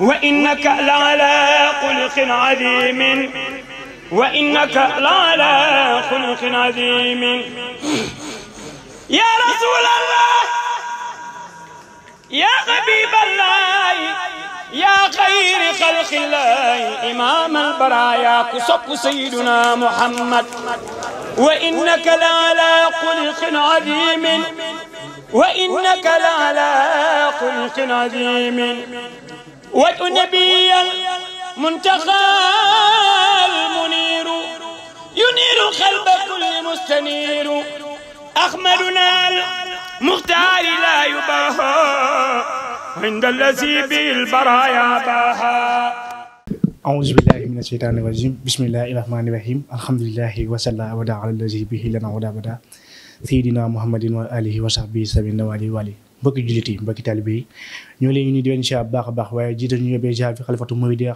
وإنك لعلى خلق عظيم وإنك لعلى خلق عظيم يا رسول الله يا حبيب الله يا خير خلق الله إمام البرايا كسب سيدنا محمد وإنك لعلى خلق عظيم وإنك لعلى خلق عظيم وجه نبي المنتقى المنير ينير قلب كل مستنير أخملنا المختار لا يباهى عند الذي بالبرايا باهى أعوذ بالله من الشيطان الرجيم بسم الله الرحمن الرحيم الحمد لله وصلى ودا على الذي به لنا ودا بدا سيدنا محمد وآله وصحبه سبيل والي والي mbokki jullit yi mbokki taalibe ñoo leen ñu di leen siyaar baax baax waaye jiite ñu yóbbee siyaar bi xalifatu muriidiyya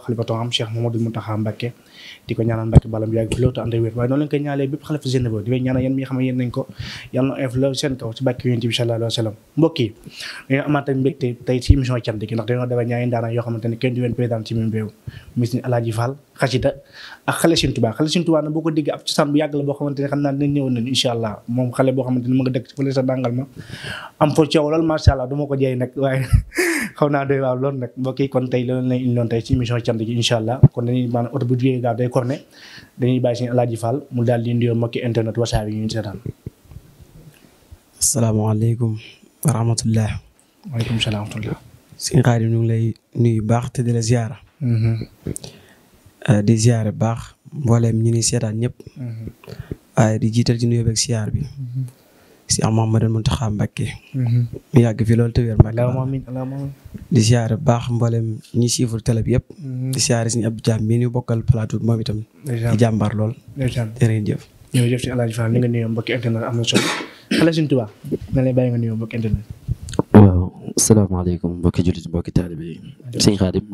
di waaye noonu lañ koy ñaanale bépp xalifa généraux ko yàlla na la ci bi sallallahu alayhi wa sallam mbokk yi dañoo tamit mbégte tey ci émission cant gi ndax dañoo dafa ñaari ndaanaan yoo xamante ne kenn du leen président ci même réew mis ni Alaaji Fall xasida ak xale Sëriñ Tuubaa xale Sëriñ Tuubaa nag boo ko déggee ab cosaan bu yàgg la boo xamante ne xam naa dinañ ñëwoon nañu incha allah moom xale boo xamante ne nga dëkk fële sa dàngal ma am fa coow lool macha allah du ma ko jey nag waaye xaw naa doy waaw loolu nag mbokk kon tey loolu lañ indiloon tey ci émission cant gi incha allah kon dañuy maanaam oto bu jugee gaaw day corné dañuy bàyyi seen Alaaji Fall mu daal di nuyoo mbokki internet Wassare yi ñu seetaan asalaamaaleykum wa rahmatullah waaleykum salaam ngi lay nuyu baax te di la ziyaara mm-hmm. Euh, di ziare baax mbooleem ñu ni seetaan ñëpp. Mm-hmm. waaye di jiital ci nuyoo beeg siyaar bi. Mm-hmm. si Mouhamadou Mountakha Mbacké. Mm-hmm. mu yàgg fi lool te wér Mbacké. di siyaare baax mboolem ñi siiful télé bi yëpp. di siyaare suñu Abdou Diam mii ñu bokkal plateau moom itam. di jàmbaar lool. jërëjëf. jërëjëf si nga nuyoo mbokki internet am na solo xale suñu tubaab na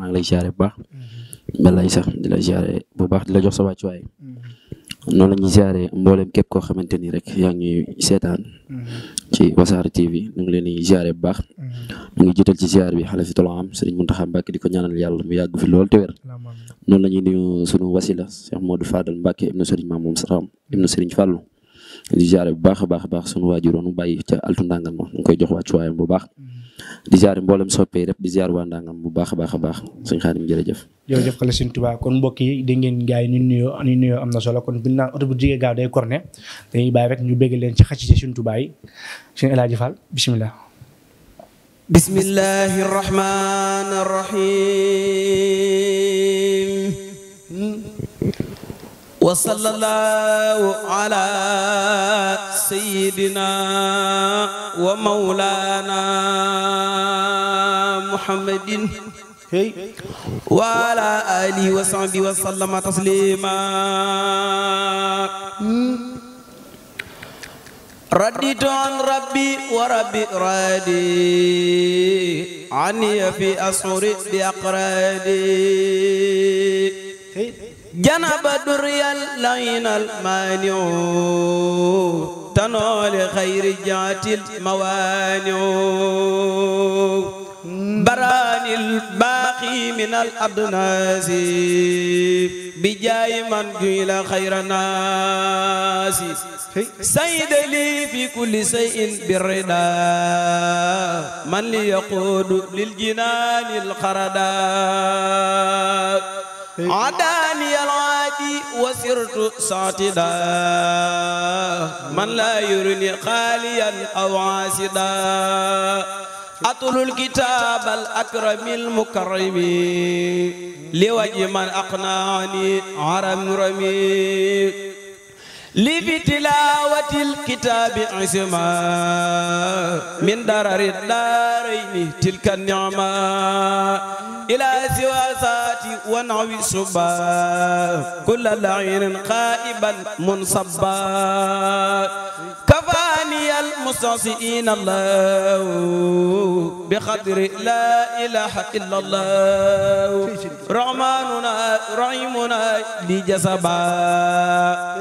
lay baax. balay sax dila ziaré bu baax dila jox sa wacc way mm-hmm. non lañu ziaré mbolém képp ko xamanteni rek ya ngi sétane mm-hmm. ci wasar tv ñu ngi leen ziaré bu baax mm-hmm. ñu ngi jittal ci ziar bi khalifatul am serigne muntaha mbacke diko ñaanal yalla mu yag fi lool te wër non lañu nuyu suñu wasila cheikh modou fadal mbacke ibnu serigne mamoum saram ibnu serigne fallu di ziaré bu baax baax baax sunu wajuronu bayyi ci altu ndangal mo ngi koy jox wacc way bu baax di ziaré mbolém soppé rep di ziar wa ndangam bu baax baax baax serigne khadim jërëjëf jërëjëf xale Sëriñ Tuubaa kon mbokk yi di ngeen gars yi ñu nuyoo ñu nuyoo am na solo kon buñ naan oto bu jigee gaaw day corné dañuy bàyyi rek ñu bégg leen ci xacc ci Sëriñ Tuubaa yi Sëriñ El Hadji Fall bisimilah bismillahi rahmani rahim wa sallallahu ala sayyidina wa maulana muhammadin وعلى آله وصحبه وسلم تسليما رديت عن ربي وربي رادي عني في أسوري بأقرادي جنب دريا لين المانع تنول خير جات الموانع براني الباقي من الأبناس بجاي من قيل خير الناس سيد لي في كل شيء بالرضا من ليقود للجنان القردا عداني العادي وسرت ساتدا من لا يرني خاليا أو عاسدا أطول الكتاب الأكرم المكرم لوجه من أقنعني عرم رمي لي بتلاوة الكتاب عزما من درر الدارين تلك النعمة إلى سوى ذاتي ونعوي صبا كل لعين خائبا منصبا كفى ثاني المستعصين الله بقدر لا إله إلا الله رعماننا رحيمنا لجسبا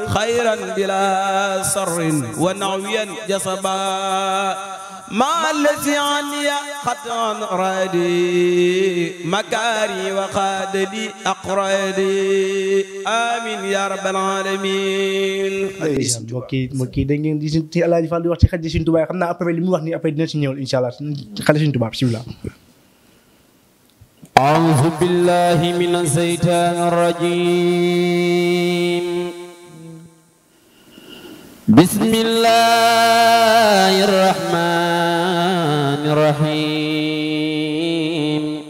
خيرا بلا سر ونعويا جسبا ما الذي عني قد أنرادي مكاري وقاد لي أقرادي آمين يا رب العالمين mbokki mbokki da ngeen di ci El Hadj Fall di wax ci xaj Sëñ Tuubaa xam naa après li mu wax nii après dina ci ñëwal incha allah xaj Sëñ Tuubaa bismillah أعوذ بالله من الشيطان الرجيم بسم الله الرحمن الرحيم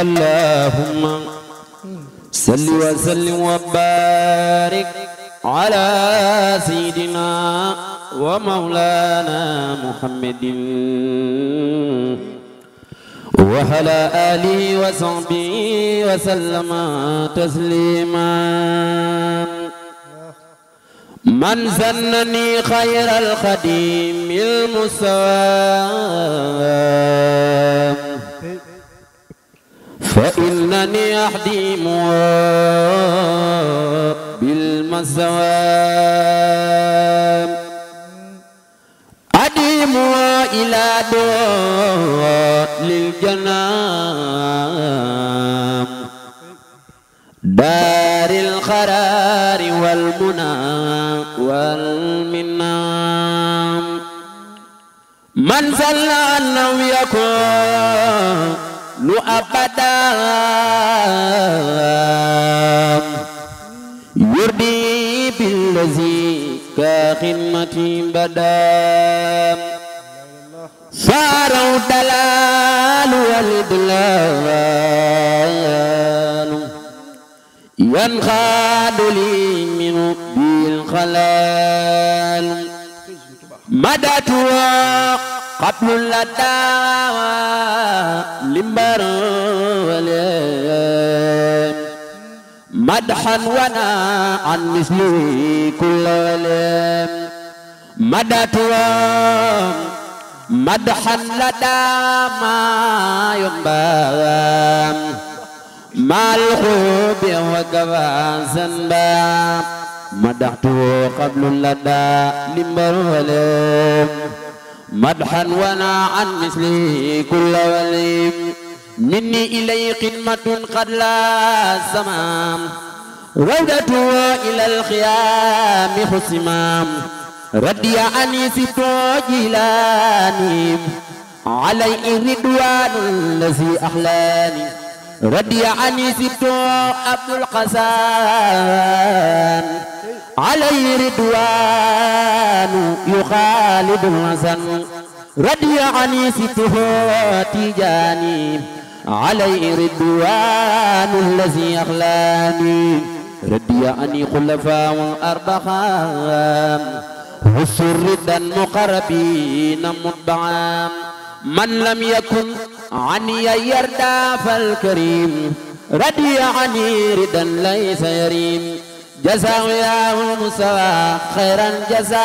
اللهم صل وسلم وبارك على سيدنا ومولانا محمد وعلى آله وصحبه وسلم تسليما من زنني خير القديم المسام فإنني أحديم بالمسوام أديم إلى دور للجنام دار القرار والمنى والمنام من ظل أنه يكون أبدا يردي بالذي كخدمتي بدا صاروا دلال والدلال تنخاد لي من ربي الخلال مدتها قبل اللدى لمبر مدحا ونا عن مثله كل ولم مدتها مدحا لدى ما ينبغي مالخوب وقفا زنبا مدحتو قبل لدى لمبر وليم مدحا ونا عن مثله كل وليم مني إلي قمة قد لا سمام روضته إلى الخيام حسمام ردي عني جيلاني علي الردوان الذي أحلاني رضي عني سبتو عبد القسام عليه رضوان يخالد الحسن رضي عني سبته تجاني عليه رضوان الذي يخلاني رضي عني خلفاء أربعة وسر ردا مقربين مطبعا من لم يكن عني يرضى فالكريم رضي عني ردا ليس يريم جزاه يا موسى خيرا جزاء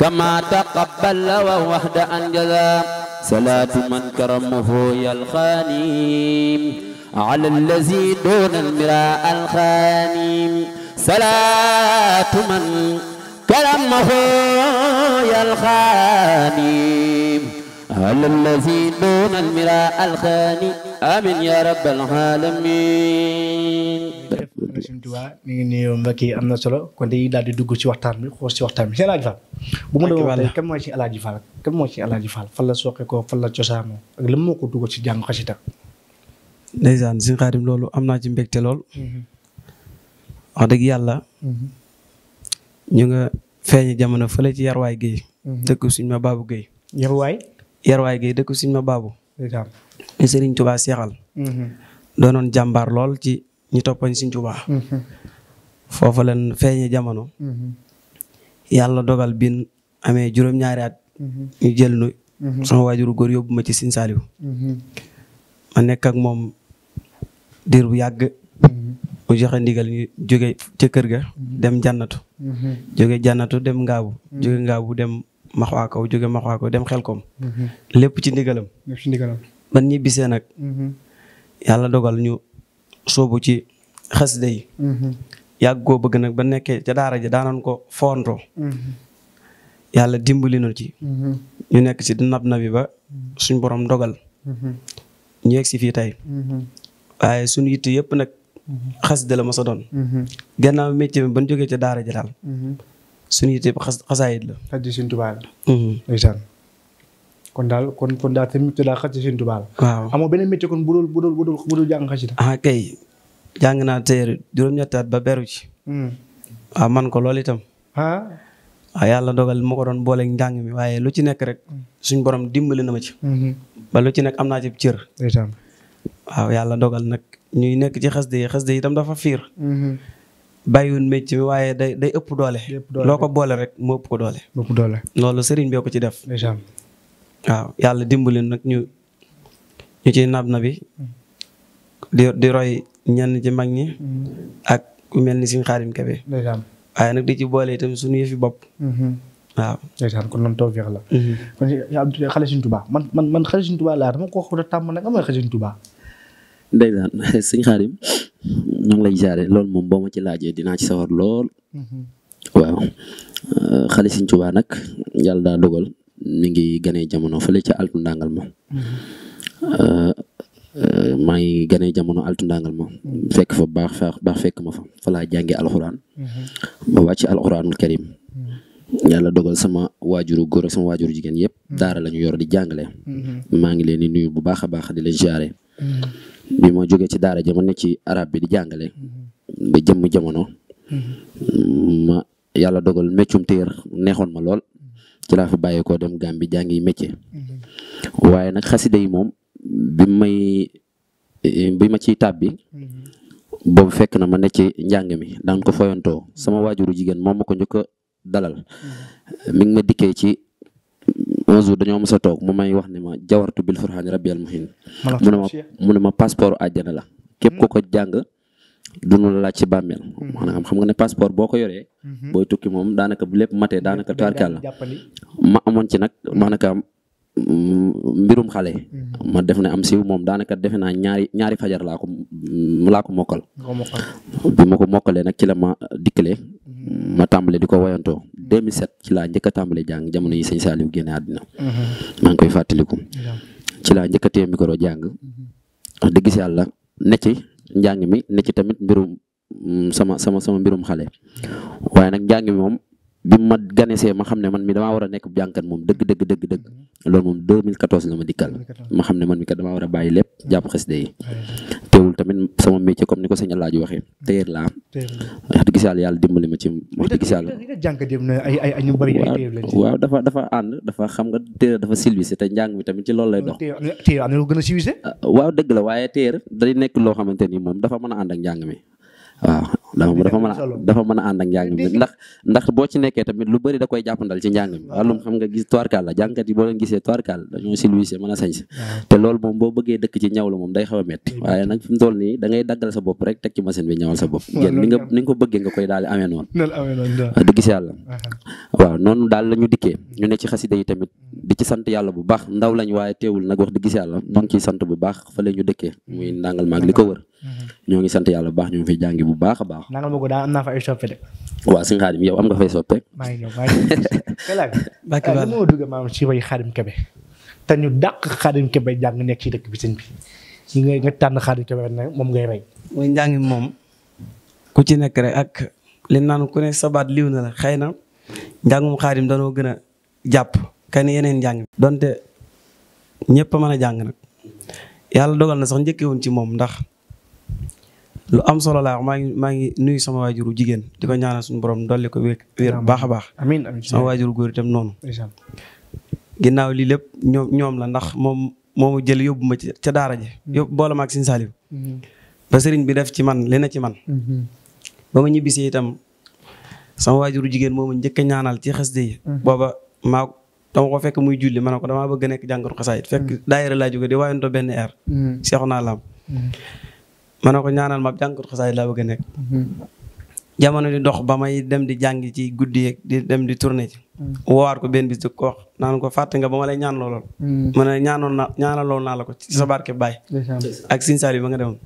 كما تقبل ووحد أنجزا صلاة من كرمه يا الخانيم على الذي دون المراء الخانيم صلاة من كلمه يا الخاني على الذي دون المراء الخاني آمين يا رب العالمين sëñ Tuubaa ñu ngi nuyu mbokk am na solo kon dañuy daal di dugg ci waxtaan bi xoos ci waxtaan bi si Alaaji Fall bu mu doon wax kan mooy ci Alaaji Fall kan mooy ci Alaaji Fall fan la ko fan la cosaanoo ak lan moo ko dugal ci jàng xasida ndeysaan am naa ci mbégte lool mhm. wax dëgg yàlla mhm. ñu nga feeñi jamono fële ci yarwaay géey mhm. dëkk suñ ma baabu géey yarwaay yarwaay géey dëkk suñ ma baabu ñu sëriñ tubaa seexal mhm. doonoon jàmbaar lool ci ñi toppañ suñ tubaa mhm. foofu leen feeñi jamono yàlla dogal bin amee juróom-ñaari at ñu jël nu sama waajuru góor yóbbu ma ci Sëñ Saaliw ma nekk moom diir bu mu joxe ndigal ñu jóge ca kër ga mhm. dem jànnatu mhm. jóge jànnatu dem ngaabu mhm. jóge ngaabu dem maxwaakaw jóge maxwaakaw dem xelkom lépp ci ndigalam ban ñi bisee nag yàlla dogal ñu soobu ci xasida yi yàgg koo bëgg nag ba nekkee ca daara ji daanoon ko foontoo yàlla dimbali na ci ñu nekk ci nab nabi ba suñ borom dogal ñu yegg waaye suñu yitte yëpp xasida la ma sa doon. Mm-hmm. gannaaw ba ñu ca daara ji daal. Mm-hmm. suñu yite xas xasaayit la. xaj ci Sëriñ mm-hmm. kon daal kon kon daal tamit daal xaj ci Sëriñ Tuubaa la. waaw amoo beneen métier kon bu dul bu dul bu dul bu dul jàng xasida. ah kay jàng naa téere juróom-ñetti at ba beru ci. Mm. Ah, man ko lool itam. waaw ah, yàlla dogal ma ko doon booleeg njàng mi waaye lu ci nekk rek. Mm. suñ borom dimbali na ma ci. ba lu nekk am naa ci cër. waaw yàlla dogal nag ñuy nekk ci xasde yi xasde yi itam dafa fiir mm-hmm. bàyyiwun mécc mi waaye day day ëpp doole loo ko boole rek moo ëpp ko doole ëpp doole loolu sëriñ bee ko ci def waaw yàlla dimbali nag ñu ñu ci nab na bi di di roy ñenn ci mag ñi mm-hmm. ak mel ni Sëriñ Xaadim Kebe waaye nag di ci boole itam suñu yëfi bopp mm-hmm. waaw ndeysaan kon man ko xaw a tàmm nag ndeysaan sëñ Xaadim ñu ngi lay jaare loolu moom boo ma ci laajee dinaa ci sawar lool. Mm-hmm. waaw euh, xale sëñ Tuubaa nag yàlla daa dogal mi ngi ganee jamono fële ca altu ndàngalma mm-hmm. euh, euh, maa ngi ganee jamono altu ndàngal ma. Mm-hmm. fekk fa baax baax fekk ma fa fa laa jàngee alxuraan. ba wàcc alxuraanul karim. yàlla dogal sama waajuru góor ak sama waajuru jigéen yëpp. daara lañu yor di jàngale. maa ngi leen di nuyu bu baax a baax di leen jaare. bi ma jógee ci daara ja ma nekk ci arab bi di jàngale. Mm-hmm. ba jëmm jamono. Mm-hmm. ma yàlla dogal méccum téer neexoon ma lool. Mm-hmm. ci laa fi bàyyeekoo dem Gambie jàngi métier. waaye nag xasida yi moom bi may bi ma ciy bi boobu fekk na ma ne ci njàng mi daan ko foyantoo sama waajuru jigéen moom ma ko njëkk dalal mi ma dikkee ci un jour dañoo mos a toog mu may wax ne ma jawartu bil furxaani rabbiyal muhin mu ne ma mu ne ma passeport àjjana la képp ko hmm. ko jàng dunu la laaj ci bàmmeel hmm. maanaam xam nga ne passeport boo ko yoree hmm. booy tukki moom daanaka bu lépp matee daanaka taarkaal la ma amoon ci nag maanaka mm, mbirum xale ma def ne am siw moom daanaka defe naa ñaari fajar laa ko laa bi ma ko mokkalee nag ci la ma ma tàmbale di ko woyantoo 2007 ci laa njëkk a tàmbale jàng jamono yi sëñ Saliou génne àddina mhm. maa ngi koy fàttaliku ci laa njëkk a téye micro jàng mhm. wax dëgg si yàlla ne mi ne ci tamit mbirum mm, sama sama sama mbirum xale waaye nag njàng moom bima gane se ma xamne man mi dama wara nek jankan mom deug deug deug deug lool mom 2014 la dikal ma xamne man mi ka dama wara baye lepp mhm. japp xesde yi teewul tamit sama metier comme niko ko sëñ Alaaji waxee mhm. téer laa wax dëgg yàlla yalla dimbali ma ci wax dëgg yàlla waaw dafa dafa and dafa xam nga teer dafa silvisé te jang mi tamit ci lool lay dox ah, waaw deug la waye teer day nekk lo xamante ni moom dafa mëna and ak jang mi waaw dafa dafa mën a dafa mën a ànd ak njàng ndax ndax boo ci nekkee tamit lu bëri da koy jàppandal ci njàng mi wàllum xam nga gis toirkal la jàngkat boo leen gisee toirkal dañoo a sañse te loolu moom boo bëggee dëkk ci ñaw la moom day xaw a metti waaye nag fi mu nii da ngay daggal sa bopp rek teg ci machine bi ñawal sa bopp génn ni nga bëggee nga koy daal di amee yàlla waaw noonu daal la ñu dikkee ñu ne ci xasida yi tamit mm. di ci sant yàlla bu baax ndaw lañ waaye teewul nag wax dëgg gis yàlla ñu ngi ciy sant bu baax fa la ñu dëkkee muy ndàngal maag li ko wër Mm-hmm. ñoo ngi sant yàlla bu baax ñu ngi jàngi bu baax a baax. nangal ma ko daal am naa ay soppe de. waaw sëñ Xaadim yow am nga fay soppe. maa ngi ñëw maa ngi ñëw ah, dugg maanaam si way Xaadim te ñu dàq Xaadim Kebe jàng nekk ci dëkk bi sëñ bi ñu ngay nga tànn Xaadim Kebe nag moom ngay rey. mooy njàngi moom ku ci nekk rek ak li naan ku ne sabaat liw na la xëy na njàngum Xaadim danoo gën a jàpp kan yeneen njàng donte ñëpp a a jàng na yàlla dogal na sax njëkkee woon ci moom ndax lu am solo laa maa ngi maa ngi nuyu sama waajuru jigéen di ko ñaanal suñu borom dolli ko wér wér baax a baax. amiin amiin sama waajuru góor itam noonu. ginnaaw lii lépp ñoom ñoom la ndax moom moomu jël yóbbu ma ca daara ji. Mm-hmm. yóbbu boole ma ak Sëriñ Saliou. Mm-hmm. ba sëriñ bi def ci man li na ci man. Mm-hmm. ba ma ñibbisee itam waajuru jigéen moomu njëkk a ñaanal ci xasida booba maa dama fekk muy julli ma ne ko damaa bëgg nekk jàngatu xasaayit fekk daayira laa jóge di waayonto benn air. seexu naa laam. ma ne ko ñaanal ma jàngat xasaay laa bëgg a nekk. Mhm. jamono di dox ba may dem di jàng ci guddi yeeg di dem di tournée ci. Mhm. woowaat ko benn bis di ko naan ko fàtte nga ba ma lay ñaan looloon. Mhm. ma ne ñaanoon na ñaanaloon naa la ko ci sa barke Baye. ak Sine Saliou ba nga demoon.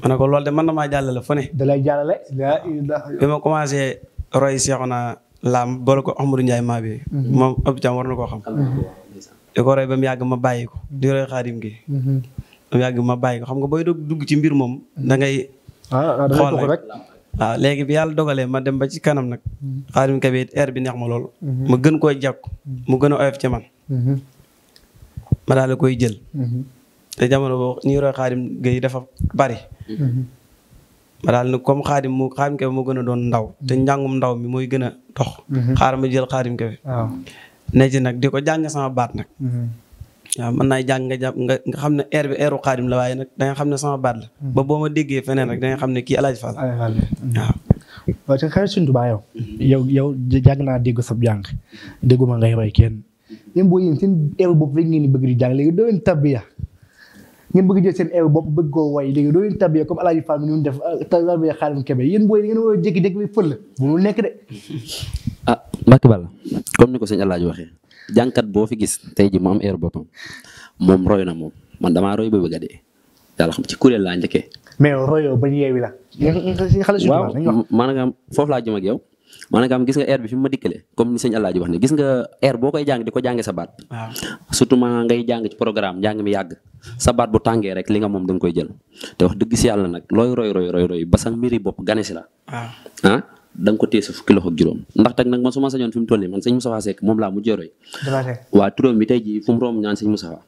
ma ne ko loolu de man na maa jàllale fu ne. da lay jàllale. bi ma commencé roy Seexuna Laam boole ko Amadou Ndiaye maa bi. moom ëpp war na koo xam. di ko roy ba mu yàgg ma bàyyi ko. di roy Xaadim gi. yàgg ma bàyyi ko xam nga booy dugg ci mbir moom da ngay ah, ah, xool rek waaw ah, léegi bi yàlla dogalee ma dem ba ci kanam nag mhm. xaadim kabe it air bi neex ma lool mhm. ma gën koo jàkku mhm. mu gën a oyof ci man ma daal koy jël te jamono boo ñi roy xaadim gay dafa bari ma daal comme xaadim mu xaadim kabe moo gën a doon ndaw te njàngum ndaw mi mooy gën a tox xaar ma jël xaadim kabe ne ci nag di ko jàng sama baat nag waaw mën naa jàng nga jàpp xam ne air bi airu xaadim la waaye nag da xam ne sama baat la. Hmm. ba boo ma déggee feneen rek da xam ne kii Alaaji Fall. Hmm. waaw waaw te xëy suñu Tuubaa yow. Hmm. yow yow jàng naa dégg sab jàng dégguma ngay roy kenn. même boo yéen seen airu bopp ngeen di bëgg di jàng léegi doo leen tabbiya ngeen bëgg jël seen airu bopp bëgg koo way léegi doo leen tabbiya comme Alaaji Fall mi ñu def ah, tabbiya xaadim kebe yéen booy ngeen woo jékki-jékki bi fël bu nekk de. ah Mbacke Balla comme ni ko sëñ Alaaji waxee jankat bo fi gis tey ji am air bopam mom roy na mom man dama roy ba bëgg a dee xam ci kurel la ndike mais royoo ba yeewi la. xale si waaw nga fof la jëm ak yow. maanaam gis nga air bi fi ma dikkelé comme ni allah Alaaji wax ni gis nga air bokay jang diko jangé ko sa baat. waaw surtout ma ngay jang ci programme jang mi yag sa baat bu tangé rek li nga mom dang koy jël te wax deug ci yalla nak loy roy roy roy roy ba sax miri bop la. waaw ah dang ko téye sa fukki loxo juroom ndax tak nak ma suma sañon fim tolli man señ Moustapha sek mom la mu joroy wa turóom mi tey jii fu mu ñaan señ Moustapha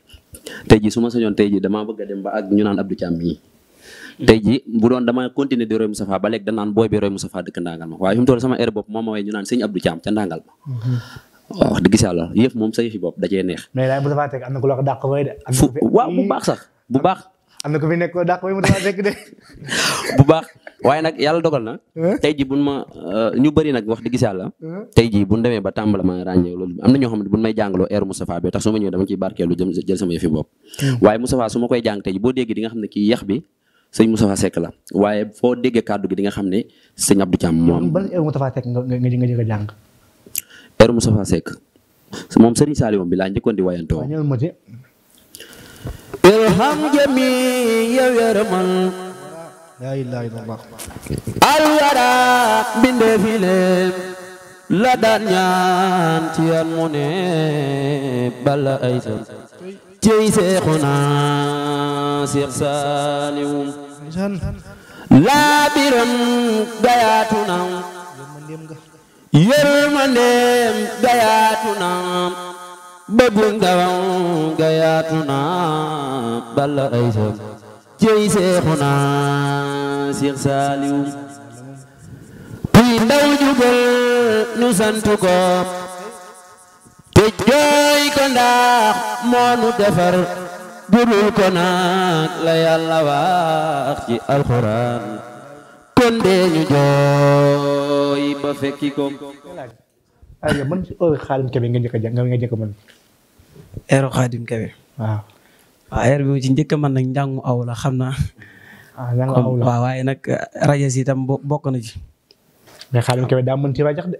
tey jii suma sañon tey jii bëgg dem ba ak ñu naan Abdou cham bu doon dama continuer di roy ba da naan boy bi roy dëkk ndangal ma wa fim tolli sama air bop mom ma way ñu naan señ Abdou cham ca ndangal ma mhm. wax deug dëgg yàlla yef mom sa yef bop da cey neex mais Moustapha Seck tek amna ko dakk way de wa bu baax sax bu baax am na ko fi nekkoo ko dàq way mu de. bu baax waaye nag yàlla dogal na. tey jii buñ ma uh, ñu bëri nag wax dëgg yàlla. tey bu buñ demee ba tàmbala ma ràññee loolu am na ñoo xam ne buñ may jàngaloo air ma ñëwee dama ciy barkeelu jëm jël sama yëfi bopp. Hmm. waaye Moustapha su ma koy jàng tey jii boo déggee la waaye foo déggee kàddu gi di nga xam ne sëñ Abdou Thiam moo am. ban air Moustapha Seck nga nga nga nga jàng. air Moustapha Seck moom Serigne Saliou bi laa njëkkoon di wayantoo irham jamiya yaramal la ilaha illallah alwara binde file la ci yan mu ne bala ay sam cey seexuna seex saaliwum laabiram bëgg nga waw balla ay sam cey seexu naa Seex Saaliw kuy ndaw nu sant ko ko ndax moonu defar budul ko la yàlla wax ci alxuraan kon jooy ba aywa ah, man heure oh, Xaadim Kebe nga njëkk a nga nga njëkk a mën. heure Xaadim Kebe. waaw ah. ah, waaw heure bi mu ci njëkk a man na njàngu awla xam na ah njàngu aw waaye nag rajas yi tam bokk na ci. mais Xaadim Kebe da mën ci rajax de.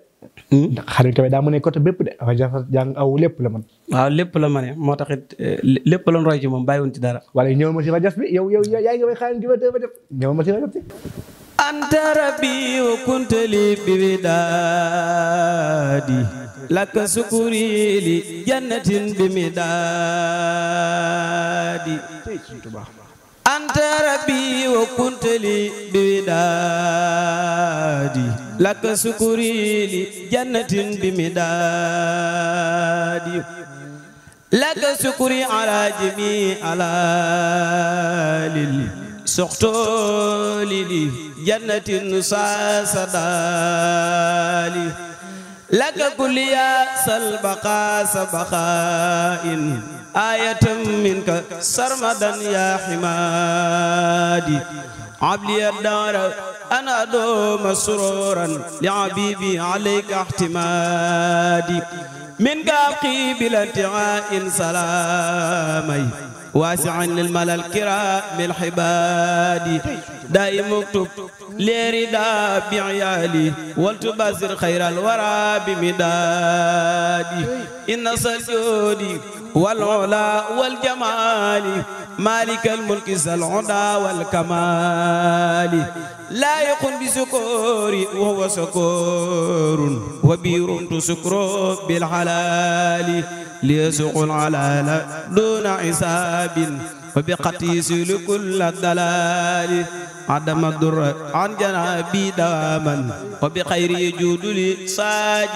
ndax hmm? Xaadim Kebe daa mën côté bépp de rajax jàng aw lépp la mën. waaw lépp la mën moo tax it eh, lépp la roy ci moom bàyyiwuñ ci dara. wala ñëwal ma ci rajax bi yow yow yaa Xaadim Kebe te rajax ñëwal ma أنت ربي وكنت لي بمدادي لك سكري لجنة بمدادي أنت ربي وكنت لي بمدادي لك سكري لجنة بمدادي لك سكري على جميع الآلل سقطوا لدي جنة ساسدالي لك كل يا سلبقا سبخائن آية منك سرمدا يا حمادي عبلي الدار أنا دوم مسرورا لعبيبي عليك احتمادي منك أبقي بلا انتعاء سلامي واسعا للملا الكرام الحباد دائم مكتوب لرضا بعيالي ولتبصر خير الورى بمدادي إن سجودي والعلا والجمال مالك الملك ذا العدى والكمال لا يقل بسكوري وهو سكور وبير تسكر بالحلال ليسق العلال دون عساب وبقد يزيل كل الدلال عدم الضر عن جنابي داما وبخير يجود لي سا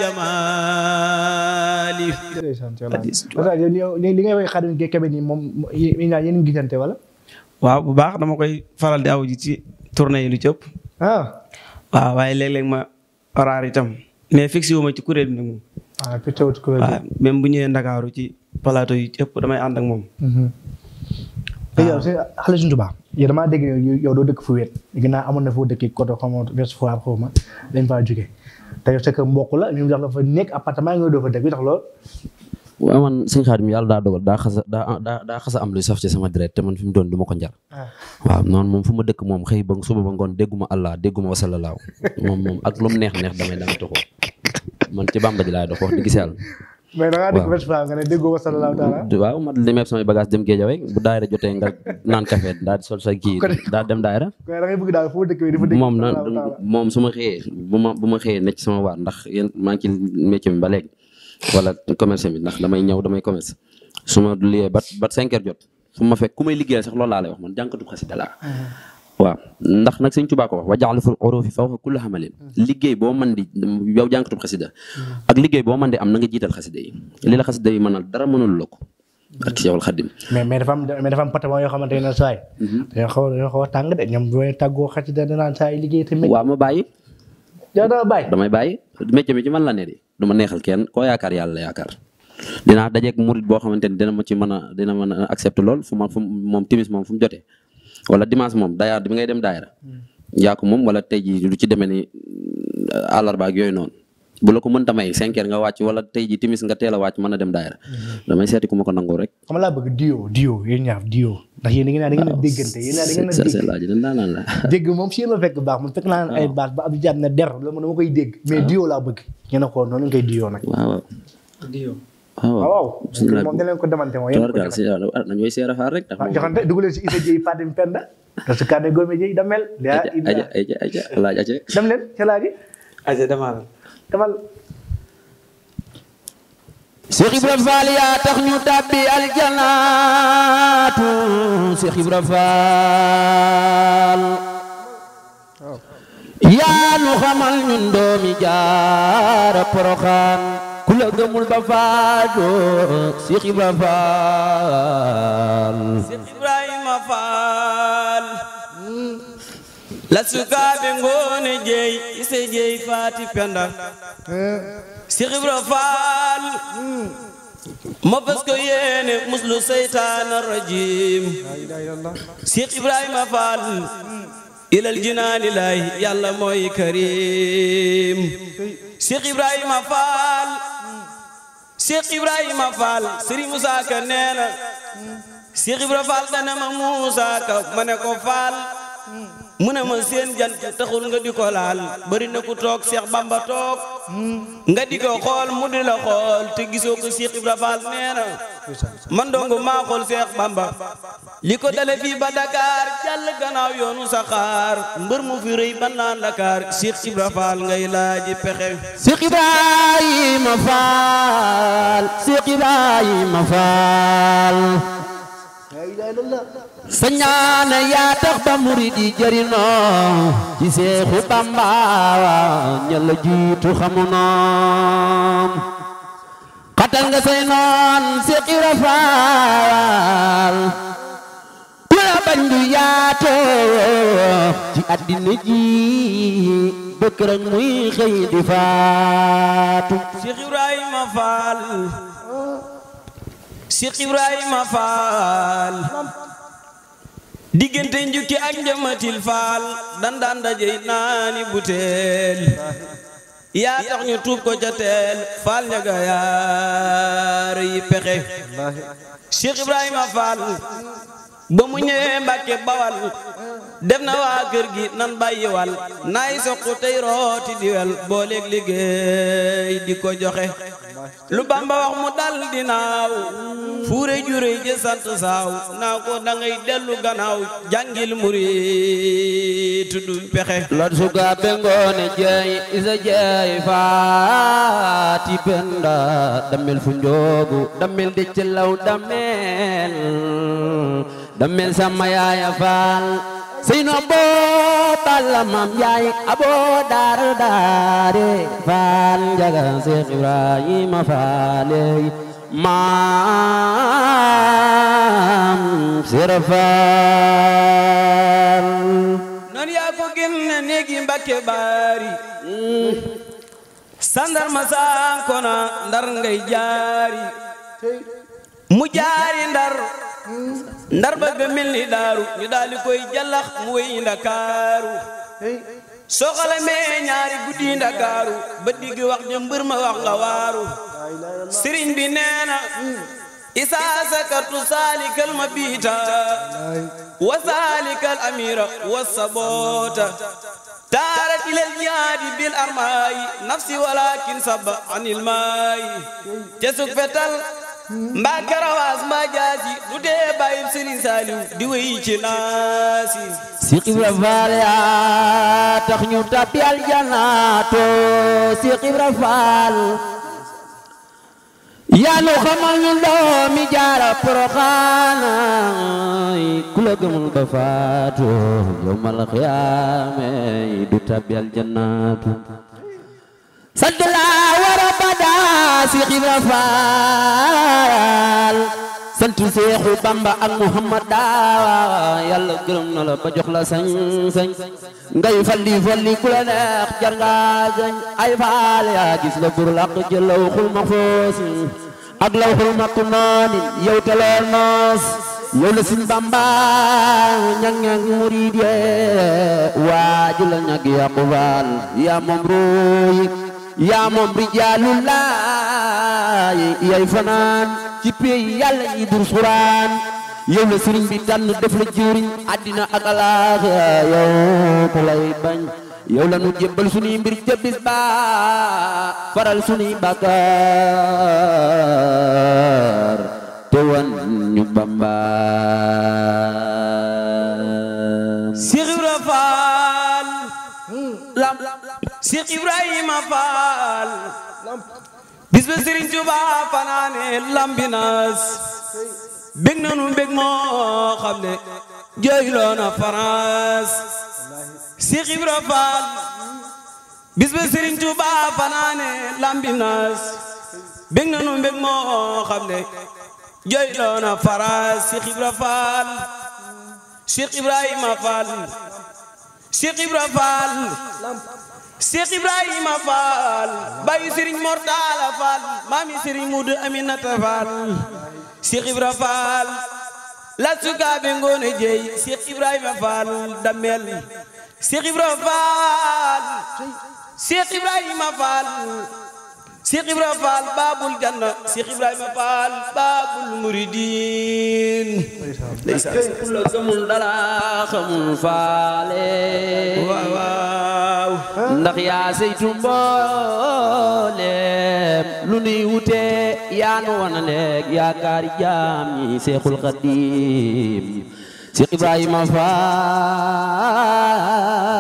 li ngay way xadim ge kebe ni mom ina yeen wala waaw bu baax dama koy faral di aw ci lu ah waaw waaye léeg-léeg ma raar itam mais fixé wu ci kuréel bi nag ah plutôt kuréel même bu ñëwee ndakaaru ci plateau damay ak léegi yow si xale suñu tubaab yow damaa doo dëkk fu wéet léegi naa amoon na foo dëkk côté xaw ma vers fois xaw ma te yow sa kër mbokk la ñu dax nekk appartement nga doo fa dëkk bi tax lool waaw man sëñ Xaadim yàlla daa dogal daa xasa daa daa daa am luy saf ci sama deret te man fi mu doon du ma ko njar ah. waaw noonu moom fu ma dëkk moom xëy ba suba ba ngoon dégguma allah dégguma wasalalaaw moom moom ak lu mu neex neex damay daan toxoo man ci bàmba ji laay dox wax dëgg si yàlla mais da ngaa dégg verse waaw ma demee ah? samay bagage dem géeja wey bu daayira jotee nga naan café daa sol sa kii daal dem daayira daal foo dëkk bi dafa dëkk moom na moom su ma xëyee bu ma bu ma xëyee nekk sama waar ndax yéen maa ngi ci métier ba léegi wala commerce bi ndax damay ñëw damay commerce suma ma yee bat ba cinq jot su ma fekk ku may liggéeyal sax loolu laa lay wax man jànkatu xasida laa ah. waaw ndax nag sëñ Tuubaa ko wax wa jaxla ful urufi fawqa kulli hamalin mm-hmm. liggéey boo man di yow jànkatub xasida mm-hmm. ak liggéey boo man di am na nga jiital xasida yi li la xasida yi mënal dara mënul la ko mm-hmm. ak Seexul Xadim mais mais dafa am mais dafa am patama ne saay dañoo xaw dañoo xaw a tàggoo xasida danaan saay liggéey tamit waaw ma bàyyi yow dama bàyyi damay bàyyi métier mi ci man la ne di du ma neexal kenn koo yaakaar yàlla la yaakaar dinaa dajeeg murit boo xamante ne dina ma ci mën a dina mën a lool fu ma moom timis moom fu mu jotee wala dimanche moom daayira bi ngay dem daayira hmm. yaa moom wala tey jii lu ci demee ni euh, àllarba ak yooyu noonu bu la ko mënta may cinq heures nga wàcc wala tey jii timis nga teel a wàcc mën a dem daayira hmm. damay ku ma ko nangoo rek. xam laa bëgg diwo diwo yéen ñaar diwo ndax yéen da ngeen a da ngeen a déggante yéen la dégg moom si yéen fekk baax man fekk naa ay ba Abdou Diab ne der la ma koy dégg mais diwo laa bëgg ngeen ne ko noonu ngay diwo nag waaw waaw moom ne leen ko demante mo yeen nañ way seera xaar rek tax joxante dugulen ci isa penda parce que kadde damel la aja aja aja aja dem leen aja damal damal Syekh Ibrahim Fall ya tax al jannatu Syekh Ibrahim oh. ya nu xamal ñun doomi jaar proxane ku la gëmul ba faatu Seex Ibra Faal Faal la sukaabe ngoone jeey ise jeey faati penda Seex Ibra Faal ma fas ko muslu seytaan rajiim Seex Ibrahima Faal إلى الجنان الله يا الله موي كريم شيخ إبراهيم أفال شيخ إبراهيم أفال سري موسى كنينة شيخ إبراهيم أفال دانا موسى كمانا mu ne ma seen jant taxul nga di ko laal bari na ku toog Cheikh Bamba toog nga di ko xool mu di la xool te gisoo ko Cheikh Ibra Fall nee man dongu maa xool Cheikh Bamba li ko dale fii ba Dakar jàll gannaaw yoonu saxaar mbër mu fi rëy ban naan Dakar Cheikh Ibra Fall ngay laaji pexe Cheikh Ibrahima Fall Cheikh Ibrahima Fall sa ñaan yaa tax ba murid yi jëriñoo ci Seexu Bamba ña la jiitu xamu xatal nga say noon Seex Ibra Faal ku la bañ du yaatoo ci àddina ji muy xëy di faatu Seex Ibrahima Faal Cheikh Ibrahima Fall digenté njukki ak njamatil Fall dan dan dajé nani butel ya tax ñu tuub ko ca teel Fall ñaga yaar yi pexe Cheikh Ibrahima Fall ba mu ñëwé mbacké bawal dem na wa kër gi nan wal nay soqu tey roti di wel liggéey di ko joxé lu bamba wax mu dal dinaaw fuure jure je sant naa ko da ngay dellu gannaaw jàngil murit du pexe lot suga bengoone jeey isa jeey faati benda dammel fu njoogu dammel de ci law dammel sama yaaya faal seynu aboo balla mam yaay aboo daar daare faal njaga seex ibrahima faaleey maam sera faal noon yaa ko génne néegi mbakke baari sandar ma saankona ndar ngay jaari mu jaari ndar ndar ba ga mel ni daaru koy jàllax mu wéy ndakaaru soo xalamee ñaari guddi ndakaaru ba digg wax ja ma wax nga waaru sëriñ bi nee na isaa sakartu saalikal mabiita wa saalikal amira wa saboota taarat ilal jihaadi bil armaayi nafsi walakin saba anil maayi te fetal Mbàkke rawaas ma jaasi du dee bàyyib Sëriñ Saaliw di wéy ci naasi Seex Ibra Faal yaa tax ñu tàbbi aljanato Seex Ibra Faal yaa nu xamal ñu doomi jaara Poroxaana ku la gëmul ba faatu yawmal xiyaame du tàbbi aljanato sant si Ibra sant Seexu Bamba ak Muhammada yàlla gërëm na la ba la sañ-sañ ngay falli falli ku neex jar ay faal yaa gis la bur làq jël lawhul mahfuus ak lawhul maknun yow te loo noos yow la sin Bamba ñang-ñang murid ye waa la ñag yàqu faal yaa moom yaa moom rijaalullaay yay fanaan ci pey yàlla ñi dur xuraan la sëriñ bi tànn def la jëwriñ àddina ak alaaxira ku lay bañ yow la nu jébbal sunuy mbir ca bis faral sunuy bàkkaar te wan ñu bamba Cheikh Ibrahima Fall bis ba Serigne Touba fanaane lambinaas bég nanu bég moo xam ne jooyloona France Cheikh Ibra Fall bis ba Serigne Touba fanaane lambinaas bég nanu bég moo xam ne jooyloona France Cheikh Ibra Fall Cheikh Ibrahima Fall Cheikh Ibra Fall Cheikh Ibrahima Fall bayu Serigne Mortala Fall maami Serigne Mudu Aminata Fall Cheikh Ibra Fall la sukaabe ngoone jeey Cheikh Ibrahima Fall damel Cheikh Ibra Fall Cheikh Ibrahima Fall Cheikh Ibra Fall baabul janna Cheikh Ibrahima Fall baabul muridin day sa kula gëmul dara xamul faale waaw waaw ndax yaa saytu mbooleem lu nuy wute yaa nu wan leeg yaakaar jaam ñi seexul xadiim Seex Ibrahima Faal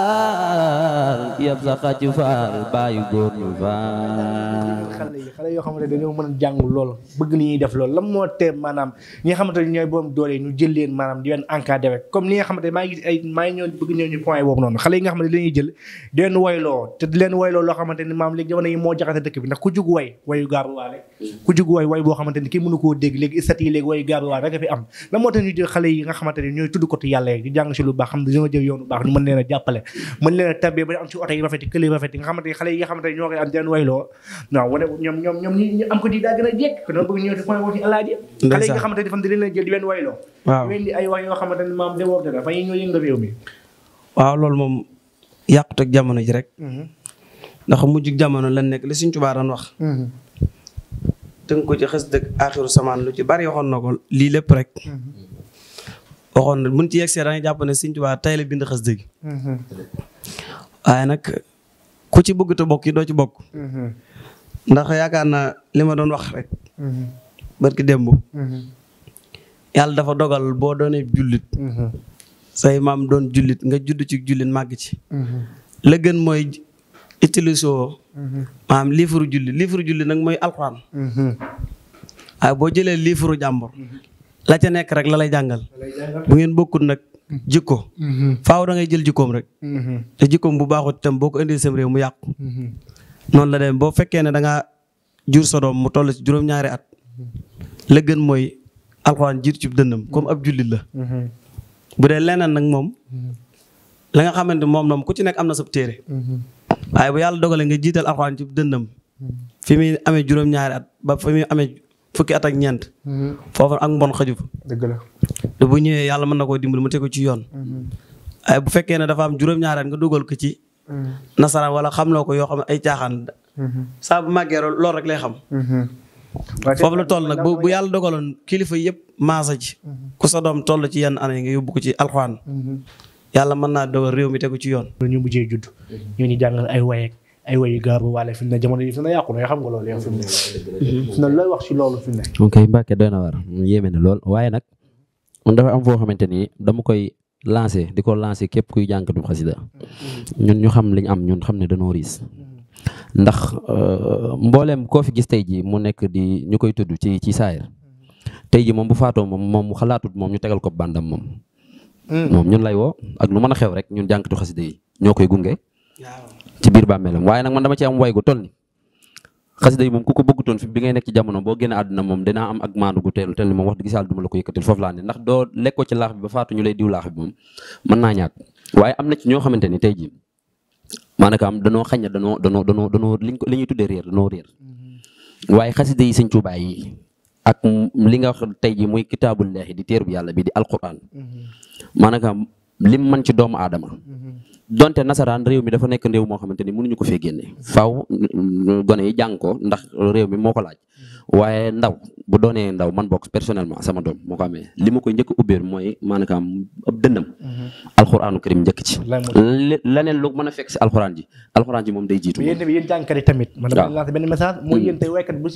yab sa xaj faal bàyyi góor ñu faal. xale yi xale yoo xamante ne dañoo mën a jàng lool bëgg li ñuy def lool lan moo tee maanaam ñi nga xamante ne ñooy boobu doole yi ñu jël leen maanaam di leen encadré rek comme li nga xamante ne maa ngi gis ay maa ngi ñëw bëgg ñëw ñu point boobu noonu xale yi nga xamante ne dañuy jël di leen woyloo te di leen woyloo loo xamante ne maam léegi jamono yi moo jaxase dëkk bi ndax ku jug way wayu gaaruwaale ku jug way way boo xamante ne kii mënu koo dégg léegi istat yi léegi wayu gaaruwaale rek a fi am lan moo tax ñu jël xale yi nga xamante ne ñooy tudd ko tu yàlla yi di jàng si lu baax xam ne dañoo jël yoonu baax ñu mën leen a jàppale mën leen a tabbee ba am ci oto rafet yi rafet yi nga am den wayloo waaw wane am ko di daa a jekk ko noonu bëgg la jël di leen wayloo waaw leen ay wax yoo xamante ne maam déborder la waaw loolu moom yàqut ak jamono ji rek mhm. ndax mujj jamono la nekk li suñ Tuubaa daan wax mhm. tënk ko ci xës dëgg aaxiru samaan lu ci bari waxoon na ko lii lépp rek mhm. waxoon na buñ ci yegsee dangay jàpp ne Sëñ Tuubaa tey la bind xës dëgg waaye nak ku ci bëgg te bokk do ci bokk. ndax yaakaar naa li doon wax rek. barki hmm yalla dafa dogal doone julit hmm say mam doon julit nga judd ci jullit mag ci. le gën mooy hmm mam livre julit livre julit nak moy alquran hmm ay bo jëlé livre jambour la ca nek rek la lay jangal bu ngeen bokku nak jikko mm-hmm. faaw da ngay jël jikkoom rek mm-hmm. te jikkoom bu baaxut tam boo ko indee sam mu yàqu mm-hmm. noonu la dem boo fekkee ne da ngaa jur sa doom mu toll ci juróom-ñaari at la gën mooy alxuraan jiitu ci dënnam comme ab jullit la bu dee leneen nag moom la nga xamante moom moom ku ci nekk am na sab téere waaye bu yàlla dogalee nga jiital alxuraan ci dënnam fi muy amee juróom-ñaari at ba fi muy amee fukki at ak ñeent foofu ak mbon xaju dëgg te bu ñëwee yàlla mën na koo dimbali mu teg ci yoon. Mm-hmm. ay bu fekkee ne dafa am juróom ñaaraat nga dugal ko ci. Mm-hmm. nasaraan wala xam loo ko yoo xam ne ay caaxaan. Mm-hmm. saa bu màggee loolu rek lay xam. foofu la toll nag bu yàlla dogaloon kilifa yëpp maasa ji. ku sa doom toll ci yenn année nga yóbbu ko ci alxuraan. yàlla mën naa dogal réew mi tegu ci yoon. ñu mujjee judd ñu ñu ay wayeek ay wayu gaaru fi mu jamono yi fi na xam nga loolu yow fi mu ne. fi mu ne looy wax war yéeme na lool waaye nag man dafa am foo xamante ni dama koy lancer di ko lancer képp kuy jànkatu xasida ñun ñu xam liñ am ñun xam ne dañoo riis ndax euh, mbooleem koo fi gis tey ji mu nekk di ñu koy tudd ci ci saayir tey ji moom bu faatoo moom moom mu xalaatut moom ñu tegal ko bandam moom hmm. moom ñun lay wo ak lu mën a xew rek ñun jànkatu xasida yi ñoo koy gunge ci biir bàmmeelam waaye nag man dama ci am way gu toll ni xasida yi moom ku ko bëggutoon fi bi ngay nekk ci jamono boo génne àdduna moom dinaa am ak maandu teelu tel moom wax dëgg yàlla duma la ko yëkkatil foofu laa ne laax bi moom mën naa ñàkk waaye am na ci ñoo xamante ni tey jii maanaam danoo xañ na danoo danoo danoo danoo liñ ko li ñuy tuddee réer danoo réer waaye xasida yi sëñ Tuubaa yi ak li nga wax tey jii muy kitaabullaahi di téer bu yàlla bi di al alquran mm-hmm. maanaam lim man ci doomu aadama mm-hmm. donte nasaraan réew mi dafa nekk réew moo xamante ni mënuñu ko fee génne faaw gone yi jàng ko ndax réew mi moo ko laaj waaye ndaw bu doonee ndaw man bokk personnellement sama doom moo ko amee li ma koy jëkk ubbeer mooy maanaam ab dënnam mhm. alxuraanu karim njëkk ci laneen lu a fekk si alxuraan ji alxuraan ji moom day jiitu yéen tamit yéen jàngkat yi tamit man a lancé benn message mooy yéen tey waykat bu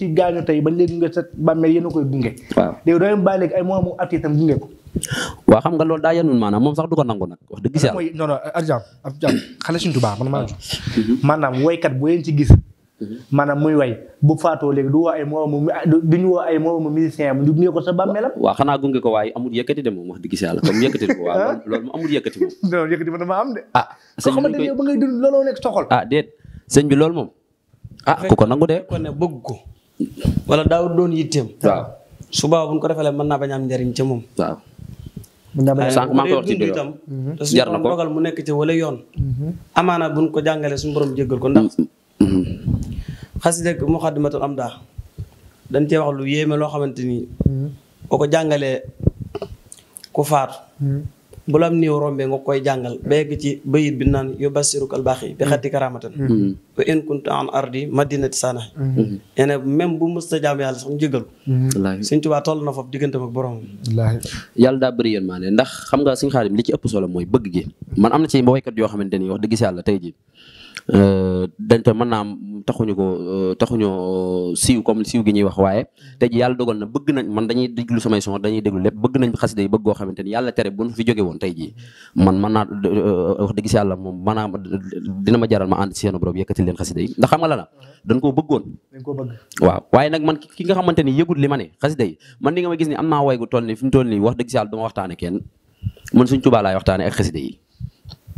ba léegi nga sa a koy gunge waaw léegi doo leen bàyyi léegi ay waaw xam nga loolu daa yanul maanaam moom sax du ko nangu nag wax dëgg yàlla. mooy non non argent argent xale suñu tubaab man maa mhm. maanaam woykat gis. Mhm. maanaam muy way bu faatoo léegi du woo ay moromu du ñu woo ay moromu musicien am du ko sa bàmmeelam. waa xanaa gunge ko waaye amul yëkkati de moom wax dëgg yàlla comme yëkkati ko waaw loolu amul yëkkati moom. non yëkkati ma dama am de. ah sëñ bi dañ koy ba ngay ah, bi loolu moom. ah ku ko nangu de. ko ne bëgg ko wala daaw doon yitteem. waaw subaa bu ñu ko defalee mën naa bañ am njariñ ca moom waaw sànq maa ngi wax ci biir mhm. jar na mu nekk ci wala yoon mhm. amaana buñ ko jàngalee suñu borom jéggal ko ndax mm-hmm. Mm-hmm. xasida muqaddimatul am daa dañ wax lu yéeme loo xamante ni mhm. boo ko jàngalee ku faatu bu lam niw rombee nga koy jàngal ba yegg ci bayit bi naan yóbbaas sirukal baax yi bi xatti wa in kuntu an ardi madinati sana mhm. nee na même bu mës a jaam yàlla sax mu jégalu suñ tubaa toll na foofu digganteem ak borom daa bëri yéen maa ndax xam nga suñ xaadim li ci ëpp solo mooy bëgg gi man am na ci woykat yoo xamante ni wax dëgg si yàlla tey ji euh, dañ ko mën naa taxuñu ko euh, taxuñoo siiw comme siiw gi ñuy wax waaye tey ji yàlla dogal na bëgg nañ man dañuy déglu samay son dañuy déglu lépp bëgg nañ xasida yi bëgg goo xamante ni yàlla tere bu fi jóge woon tey ji man man naa euh, wax dëgg si yàlla moom dina ma jaral ma ànd si seen borom yëkkati tekkil leen xasida yi ndax xam nga la la dañ koo bëggoon dañ koo bëgg waaw waaye nag man ki nga xamante ni yëgut li ma ne xasida yi man li nga ma gis ni am naa way gu toll ni fi mu toll nii wax dëgg si yàlla duma waxtaane kenn man suñ tubaa laay waxtaane ak xasida yi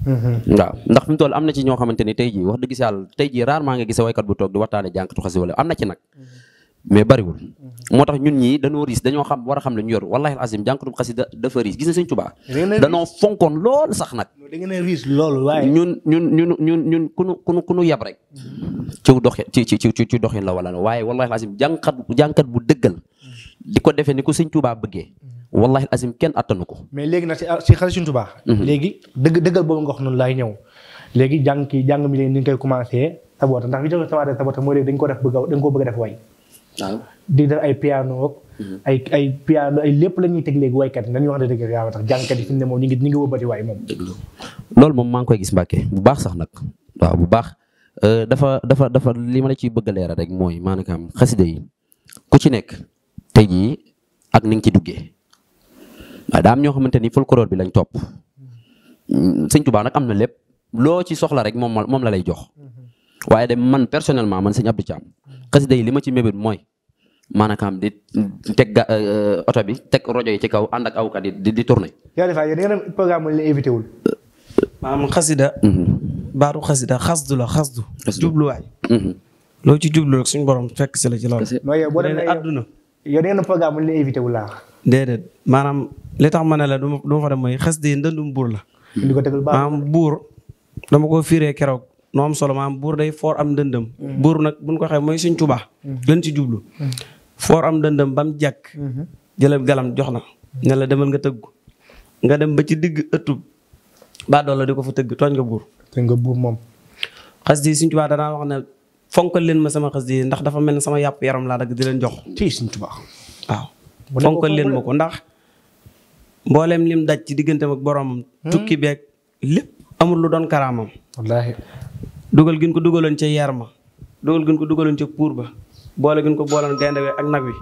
mm-hmm. waaw ndax fi mu am na ci ñoo xamante ni tey ji wax dëgg si yàlla tey ji rarement nga gis waykat bu toog di waxtaane jànkatu xasida wala am na ci nag mm-hmm. mais bariwul moo tax ñun ñii dañoo riis dañoo xam war a xam ne ñu yor wallahi azim jànkatub xasida dafa riis gis na sëñ Tuubaa dañoo fonkoon lool sax nag ñun ñun ñun ñun ñun kunu kunu ku nu yab rek ciw dox ci ci ci doxin la wala waaye wallahi azim jànkat jànkat bu dëggal di ko defee ni ko sëñ Tuubaa bëggee wallahi azim kenn attanu ko mais léegi nag si xasida sëñ Tuubaa mhm. léegi dëgg dëggal boobu nga wax noonu laay ñëw léegi jàng ki jàng mi léegi ni ñu ndax dañ ko def bëgg dañ def way di def ay piano mm-hmm. ay ay piano ay lépp la ñuy teg léegi waykat yi dañuy wax ne dëgg yàlla tax jàngkat yi fi mu moom ngi ñu ngi wëbati waay moom. loolu moom maa ngi koy gis Mbàkke bu baax sax nag waaw bu baax euh, dafa dafa dafa li ma la ciy bëgg a rek mooy maanaam xasida yi ku ci nekk tey jii ak ni ci duggee waaye daa am ñoo xamante ni folklore bi lañ topp mm, Sëñ Tuubaa nag am na lépp loo ci soxla rek moom moom la lay jox. Mm-hmm. waaye de man personnellement man sëñ Abdou Thiam xasida yi li ma ci mébét mooy maanaam di teg ga euh, euh, oto bi teg rajo yi ci kaw ànd aw awkat yi di di tourné. yow dafa yéen a programme wul. maanaam xasida. Mhm. baatu xasida xasdu la xasdu. jubluwaay. Mhm. loo ci jublu suñu borom fekk si la ci loolu. àdduna. yow da ngeen a programme la invité wul maanaam li tax ma ne la du ma fa dem mooy xasida yi ndëndum buur la. li ko tegal baax maanaam buur dama ko fiiree keroog. no am solo maam buur day foor am ndëndëm mm-hmm. buur nag buñ ko xamee mooy suñ tubaa gën ci jublu mm-hmm. foor am ndëndëm bam mu jàkk mm-hmm. galam jox na ne demal nga tëggu nga dem ba ci digg ëttub ba dool la di ko fa tëgg tooñ nga buur te nga buur moom xas di suñ tubaa danaa wax ne fonkal leen ma sama xas ndax dafa mel ne sama yàpp yaram laa dagg di leen jox ci suñ tubaa waaw fonkal leen ma ko ndax mbooleem lim daj ci diggante ak boromam hmm? tukki beeg lépp amul lu doon dugal gën ko dugaloon ca yar ma dugal gën ko dugaloon ca puur ba boole gën ko booloon dendewee ak nag wi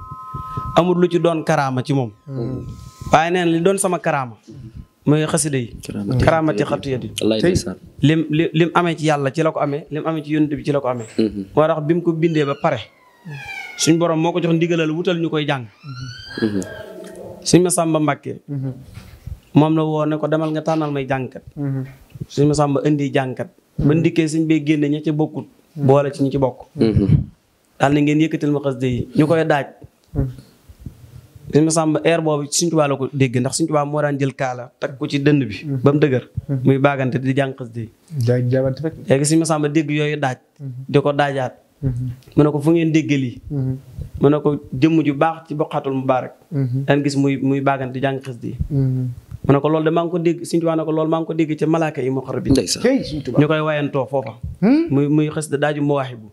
amul lu ci doon karaama ci moom hmm. waaye neen li doon sama karaama muy xasida yi karaamati xatuyati lim li lim amee ci yàlla ci la ko amee lim amee ci yonent bi ci la ko amee hmm. moo bi mu ko bindee ba pare suñ borom moo ko jox ndigalal wutal ñu koy jàng hmm. suñ ma sàmba mbàkke moom la woo ne ko demal nga tànnal may jàngkat suñ ma sàmba indi jàngkat ba ndikkee sëñ bee génne ña ci bokkut boole ci ñu ci bokk mm-hmm. daal na ngeen yëkkatil ma xasida ñu koy daaj mm-hmm. sëñ Masamba air boobu sëñ Tuubaa la ko dégg ndax suñ Tuubaa moo daan jël kaala takk ko ci dënd bi mm-hmm. ba mu dëgër muy baagante di jàng xasida yi léegi sëñ Masamba dégg yooyu daaj di ko daajaat mu ne ko fu ngeen déggee lii mu ne ko jëmm ju baax ci boqaatul mubaarak daan gis muy muy baagante di jàng xasida mu ne ko loolu de maa ngi ko dégg Sëriñ Tuubaa ne ko loolu maa ko dégg ci malaaka yi muqarrab bi ñu koy wayantoo foofa hmm? muy muy xës da daaju mawaahibu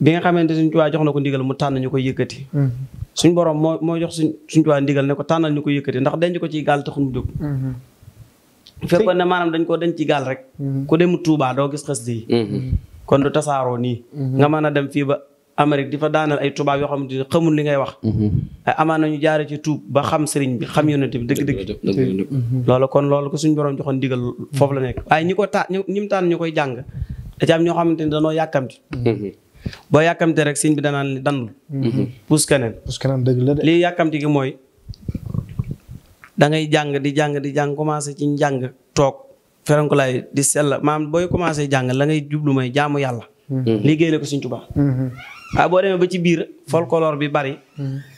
bi nga xamante Sëriñ Tuubaa jox na ko ndigal mu tànn ñu hmm. moo moo jox suñ Sëriñ Tuubaa ndigal ko tànnal ñu koy yëkkati ndax denc ko ciy gaal taxul mu jóg hmm. fekkoon ne maanaam dañ ko denc ci gaal rek ku dem Tuubaa doo gis xës yi kon du tasaaroo nii nga mën a dem fii ba Amérique di fa daanal ay tubaab yoo xam ne xamul li ngay wax. Mhm. amaan nañu jaare ci tuub ba xam sëriñ bi xam yonent bi dëgg-dëgg. loolu kon loolu ko suñu borom joxoon digal foofu la nekk waaye ñi ko taa ñi mu taan ñu koy jàng da am ñoo xamante ni danoo yàkkamti. Mhm. boo yàkkamte rek sëñ bi danaan dandul. Mhm. pousse keneen. pousse keneen dëgg la de. lii yàkkamti gi mooy da ngay jàng di jàng di jàng commencé ci njàng toog feranku laay di sell maam booy commencé jàng la ngay jublu mooy jaamu yàlla. liggéey la ko suñ tubaab. waaw boo demee ba ci biir folklore bi bari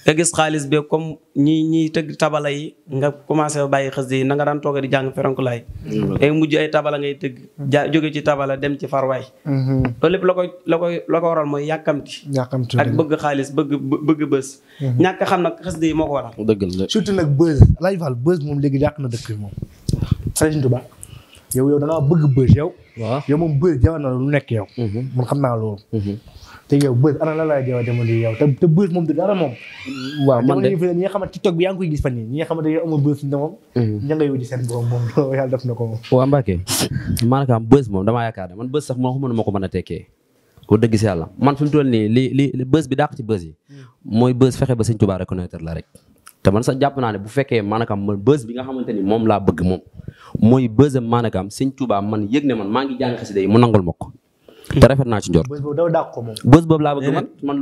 nga gis xaalis be comme ñi ñiy tëgg tabala yi nga commencé bàyyi xës yi na nga daan toog di jàng ferenkulaay day mm-hmm. mujj ay tabala ngay tëgg ja jóge ci tabala dem ci farwaay mm-hmm. loolu lépp la koy la koy la ko waral mooy yàkkamti ak bëgg xaalis bëgg bëgg bës mm-hmm. ñàkk xam nag xës yi moo ko waral dëgg la surtout nag bës laaj fal bës moom léegi yàq na dëkk bi moom Serigne Touba yow yow danaa bëgg bës yow waaw moom bës jawa lu nekk yow mun xam naa loolu te yow bës ana la lay jaww jamono yow te te moom du dara moom. waaw man de ñi nga xamante TikTok bi yaa ngi koy gis fan yii ñi nga xamante ne amul bës na moom. ña ngay wuti seen bopp moom yàlla def na ko moom. waaw yaakaar da man bës sax moo xamul ma ko mën a tekkee. bu dëgg si yàlla man fi mu toll nii li li bës bi dàq ci bës yi. Mm. mooy bës fexe ba sëñ Tuubaa reconnaître la rek. te man sax jàpp naa ne bu fekkee maanaam man bës bi nga xamante ni moom laa bëgg moom. mooy bësam maanaam sëñ Tuubaa man yëg ne man maa ngi jàng xasida yi mu nangul te rafet naa ci njort. bës boobu daw dàq ko moom. bës boobu laa bëgg man man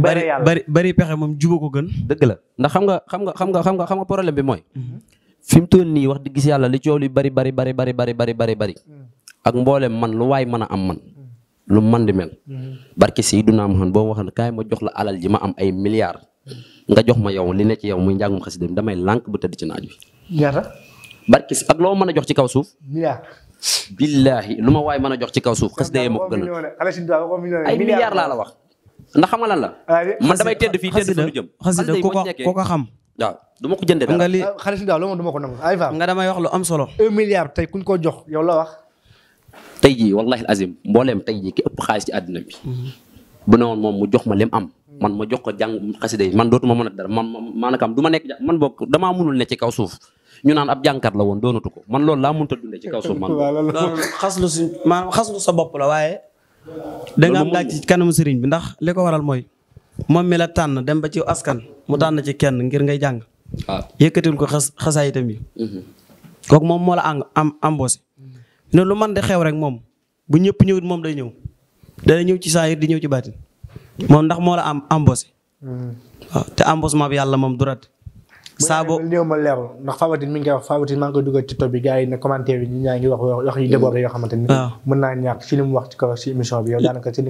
bari bari pexe moom juba ko gën. dëgg la ndax xam nga xam nga xam nga xam nga xam nga problème bi mooy. Mhm. fi mu toll nii wax dëgg si yàlla li coow li bari bari bari bari bari bari bari bari. Mhm. ak mboolem man lu waay mën a am man. Mhm. lu man di mel. barke Seydina Muhammad boo ma waxoon kaay ma jox la alal ji ma am ay milliards. nga jox ma yow li ne ci yow muy njàngum xasida damay lànk bu tëdd ci naaj bi. ñaata. barke ak loo mën a jox ci kaw suuf. billaahi lu ma waay mën a jox ci kaw suuf xës dayee ma ko gën a ay milliards laa la wax ndax xam nga lan la ah, man damay tedd fii ko ko xam waaw du ma ko jëndee nga li ah, xaalis daaw loolu wax lu am solo un milliard tey kuñ ko jox yow la wax tey jii wallahi azim mbooleem tey ji ki ëpp xaalis ci àddina bi bu ne woon moom mu jox ma lim am man ma jox ko jàng xasida yi man dootuma mën a dara man maanaam du ma nekk man boog damaa munul ne ci kaw suuf ñu naan ab jànkat la woon doonatu ko man loolu laa mënut a dundee ci kaw suuf man. xaslu si maanaam xaslu sa bopp la waaye. da am laaj ci kanamu sëriñ bi ndax li ko waral mooy moom mi la tànn dem ba ci askan mu tànn ci kenn ngir ngay jàng. waaw ah. ko xas xasaayitam mhm. yi. kook moom moo la am am embauché. ne lu man di xew rek moom bu ñëpp ñëwit moom day ñëw day ñëw ci saayir di ñëw ci baatin moom ndax moo la am embauché. Mhm. waaw te embauchement bi yàlla moom du saabo ñëw ma leeru ndax Fabatine mi ngi koy wax Fabatine maa ngi koy dugal ci TikTok bi gars yi ne commentaire yi ñu ñaa ngi wax wax yu mm. débordé yoo xamante ni naa ñàkk ci li wax ci kaw ci émission bi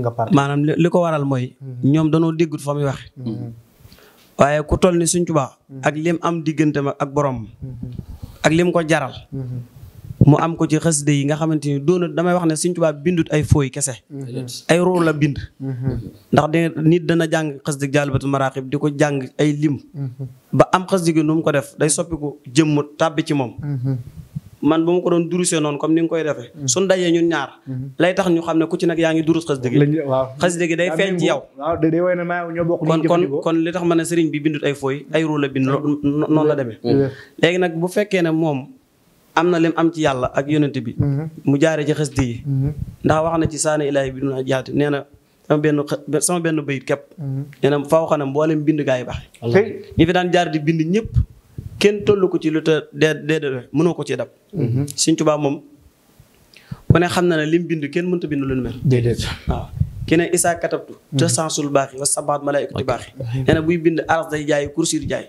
nga parlé li ko waral mooy mm. ñoom dañoo déggut fa muy wax mm. waaye ku toll ni Sëñ Tuubaa ak lim am digganteem ak borom mm-hmm. ak lim ko jaral mm-hmm. mu am ko ci xasida yi nga xamante ni doona damay wax ne Sëñ Tuubaa bindut ay fooy kese mm-hmm. ay roo la bind mm-hmm. ndax de nit dana jàng xasida Jaalibatul Maraqib di ko jàng ay lim mm-hmm. ba am xasida gi nu mu ko def day soppiku jëmm tàbbi ci moom man ba ma ko doon durusee noon comme ni nga koy defee suñ dajee ñun ñaar lay tax ñu xam ne ku ci nag yaa ngi durus xasida gi xasida gi day feeñ ci yow kon kon kon li tax ma a sëriñ bi bindut ay fooy ay roo la bind noonu la demee léegi nag bu fekkee ne moom am na lim am ci yàlla ak yonent bi mhm. mu jaare ci xasida yi mhm. ndax wax na ci saana ilaahi bi duna jaati nee na sama benn sama benn bayit képp mhm. nee na faw xanam mboolem bind gaa yi baax ñi fi daan jaar di bind ñëpp kenn tollu ko ci lu te dee dee ko ci dab Sëñ Tuubaa moom xam na ne lim bind kenn mënta bind lu nu yi wa sabaat malaayikati baax yi nee na buy bind aras day jaay kursi di jaay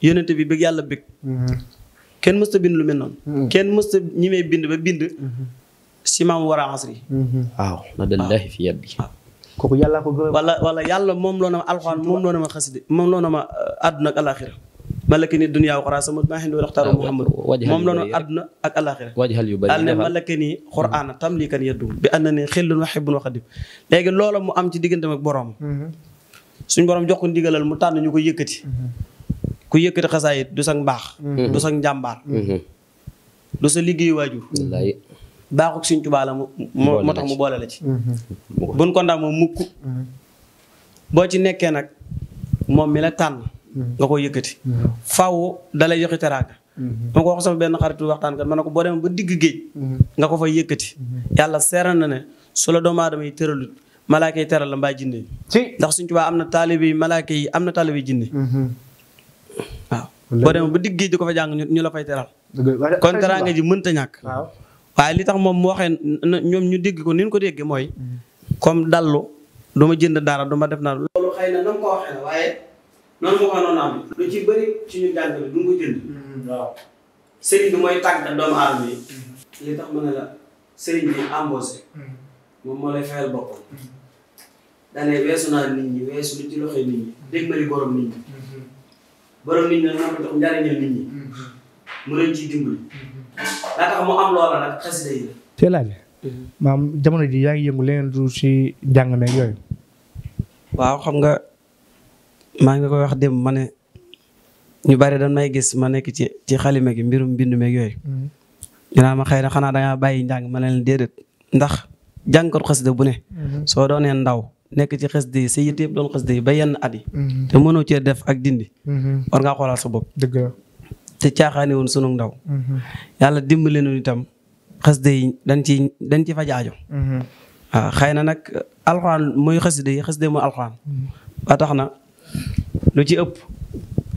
yonent bi bëgg yàlla bëgg كان مست بين لمنون كان مست نيمي بين بيند سيما ورا عصري واو ند الله في يدي كوكو يالا كو غرو ولا ولا يالا موم لونا القران موم لونا خسيد موم لونا ادنا اك الاخره ملكني الدنيا وقرا سما ما حين ولختار محمد موم لونا ادنا اك الاخره وجه هل يبالي قال ملكني قران تملك يد بانني خل وحب وقدم لكن لولا مو ام تي ديغنت مك بروم سون بروم جوخ نديغال مو تان نيوكو يكتي ku yëkkati xasaayit du sag mbaax du sag njàmbaar du sa mm-hmm. mm-hmm. liggéey waajur baaxuk Sëñ Tuubaa la moo tax mu boole la ci mm-hmm. buñ ko ndax moom mukk boo ci nekkee nag moom mi la tànn nga koy yëkkati faw dalay joxi teraanga ma ko wax benn xaritu waxtaan kat ma ne ko boo demee ba digg géej nga ko fay yëkkati yàlla seeral na ne su la doomu aadama yi tëralut malaaka yi teral la mbaa jinne ndax Sëñ Tuubaa am na taalibe yi malaaka yi am na taalibe jinne waaw boo demee ba digg géej di ko fa jàng ñu la fay teral kon ji mënta ñàkk waaye li tax moom mu waxee ko ni ñu ko ma na na ko waxee la waaye noonu ma ko noonu am lu ci bëri ci ñu jàng du ko jënd mm-hmm. waaw sëriñ bi mooy tàggat doomu aadama yi mm-hmm. li tax ma ne la sëriñ bi embauché mm-hmm. moom moo lay fayal boppam danee weesu naa nit ñi weesu lu ci loxo nit ñi dégg ma borom nit ñi borom ji yaa ngi yëngu leneen du si jàng ne waaw xam nga maa ngi koy wax démb mane ñu bari da nay gis ma nekk ci ci xalima gi mbirum mbind meeg yooyu. Mm-hmm. ñu naan ma xëy na xanaa da ngaa bàyyi njàng ma ne leen déedéet ndax jàngkat xasida bu ne. Mm-hmm. soo doonee ndaw. nekk ci xes de sa yite yëpp doon xes ba yenn at yi mhm. te mënoo cee def ak dindi mhm. war ngaa xoolaal sa bopp dëgg te caaxaane woon sunu ndaw mhm. yàlla dimbale nu itam xes de dañ ci dañ ci faj aajo xëy na nag alxuraan mooy xasida yi xasida mooy ba tax na lu ci ëpp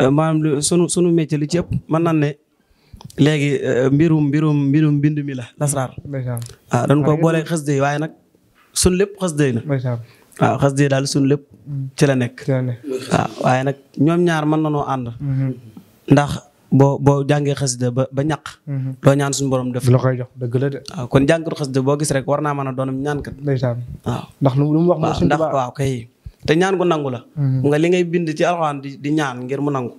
euh, maanaam sunu sunu métier lu ci ëpp mën naan ne léegi euh, mbirum mbirum mbind mi la lasraar waaw dañ ko boolee xasida waaye nag sunu lépp xasida yi waaw xasida daal suñu lépp ci la nekk. waaw waaye nag ñoom ñaar mën noo ànd. Mm-hmm. ndax boo boo jàngee xasida ba ba ñaq. loo mm-hmm. ñaan suñu borom def. la jox dëgg la kon jàngatu xasida boo gis rek war naa mën a doon ñaankat. ndeysaan waaw ndax lu mu wax. mooy waaw kay te ñaan gu nangu la. Mm-hmm. nga li ngay bind ci alxuraan di ñaan ngir mu nangu.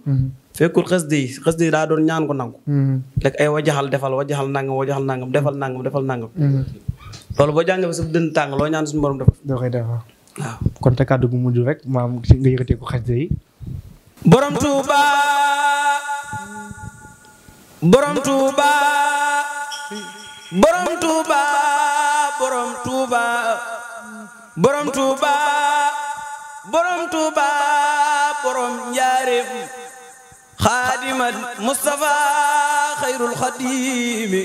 fekkul xasida yi xasida daa doon ñaan gu nangu. ay wajaxal defal wajaxal nangam wajaxal nangam defal nangam defal nangam. loolu boo jàngee ba sa dënd tàng loo ñaan suñu borom def. waaw kon te kàddu gu mujj rek maam nga yëkkatee ko xasida borom tuuba borom tuuba borom tuuba borom tuuba borom Mustafa xayrul xadimi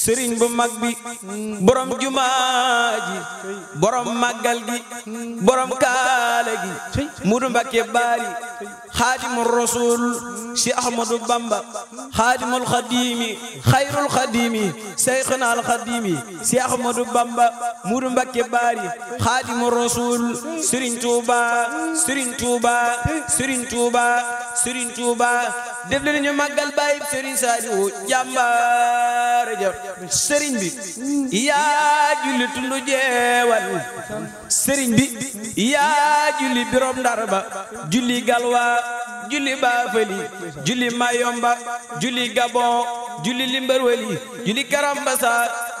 sëriñ bu mag bi borom jumaa ji borom màggal gi borom kaala gi mudu mbakke baari xaadimul rasul si ahmadu bamba xaadimul xadimi xayrul xadimi seyxuna al xadimi si ahmadu bamba mudu mbakke baari xaadimul rasul sëriñ tuuba sëriñ tuuba sëriñ tuuba sëriñ tuuba def leen ñu màggal baay sëriñ saalihu jàmbaar ja sëriñ bi yaa julli tundu jeewal sëriñ bi yaa julli birom ndar julli galwa julli baafali julli mayomba julli gabon julli limbarwali julli karambasa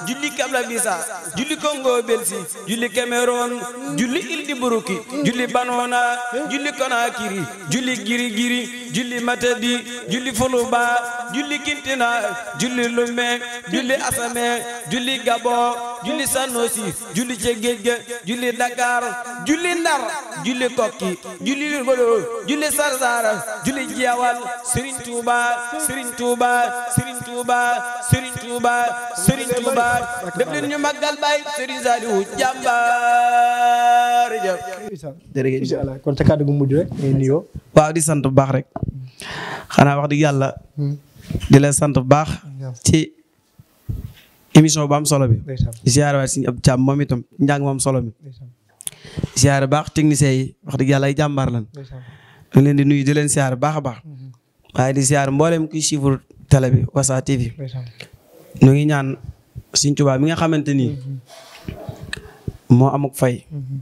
julli Kabla-Bisa julli Congo-Belsi julli Cameroun julli île Buruki julli Banona julli Conakry julli Girigiri julli Matadi julli Fuluba julli Kintina julli Lomé julli Assamé julli Gabon julli Sanosi julli ca julli Dakar julli Ndar julli Kokki julli Ngolo julli Sarsara julli Jiyawal Serigne Touba Serigne Touba Serigne Touba Serigne Touba jàmbaar def leen ñu màggal Baay Sëriñ Saliou jàmbaar jëf jërëjëf incha allah mujj rek ngay nuyoo waaw di sant bu baax rek xanaa wax dëgg yàlla hmm. di la sant bu baax ci émission bu am solo bi ziyaare waay Sëriñ Abdou moom itam njàng moom solo bi ziyaare baax techniciens yi wax dëgg ay jàmbaar lan ñu leen di nuyu di leen ziyaare baax a baax hmm. waaye di ziyaare mboolem kuy suivre télé bi Wassare TV ñu ngi ñaan Sëñ Tuubaa mi nga xamante ni mm-hmm. moo amuk fay mm-hmm.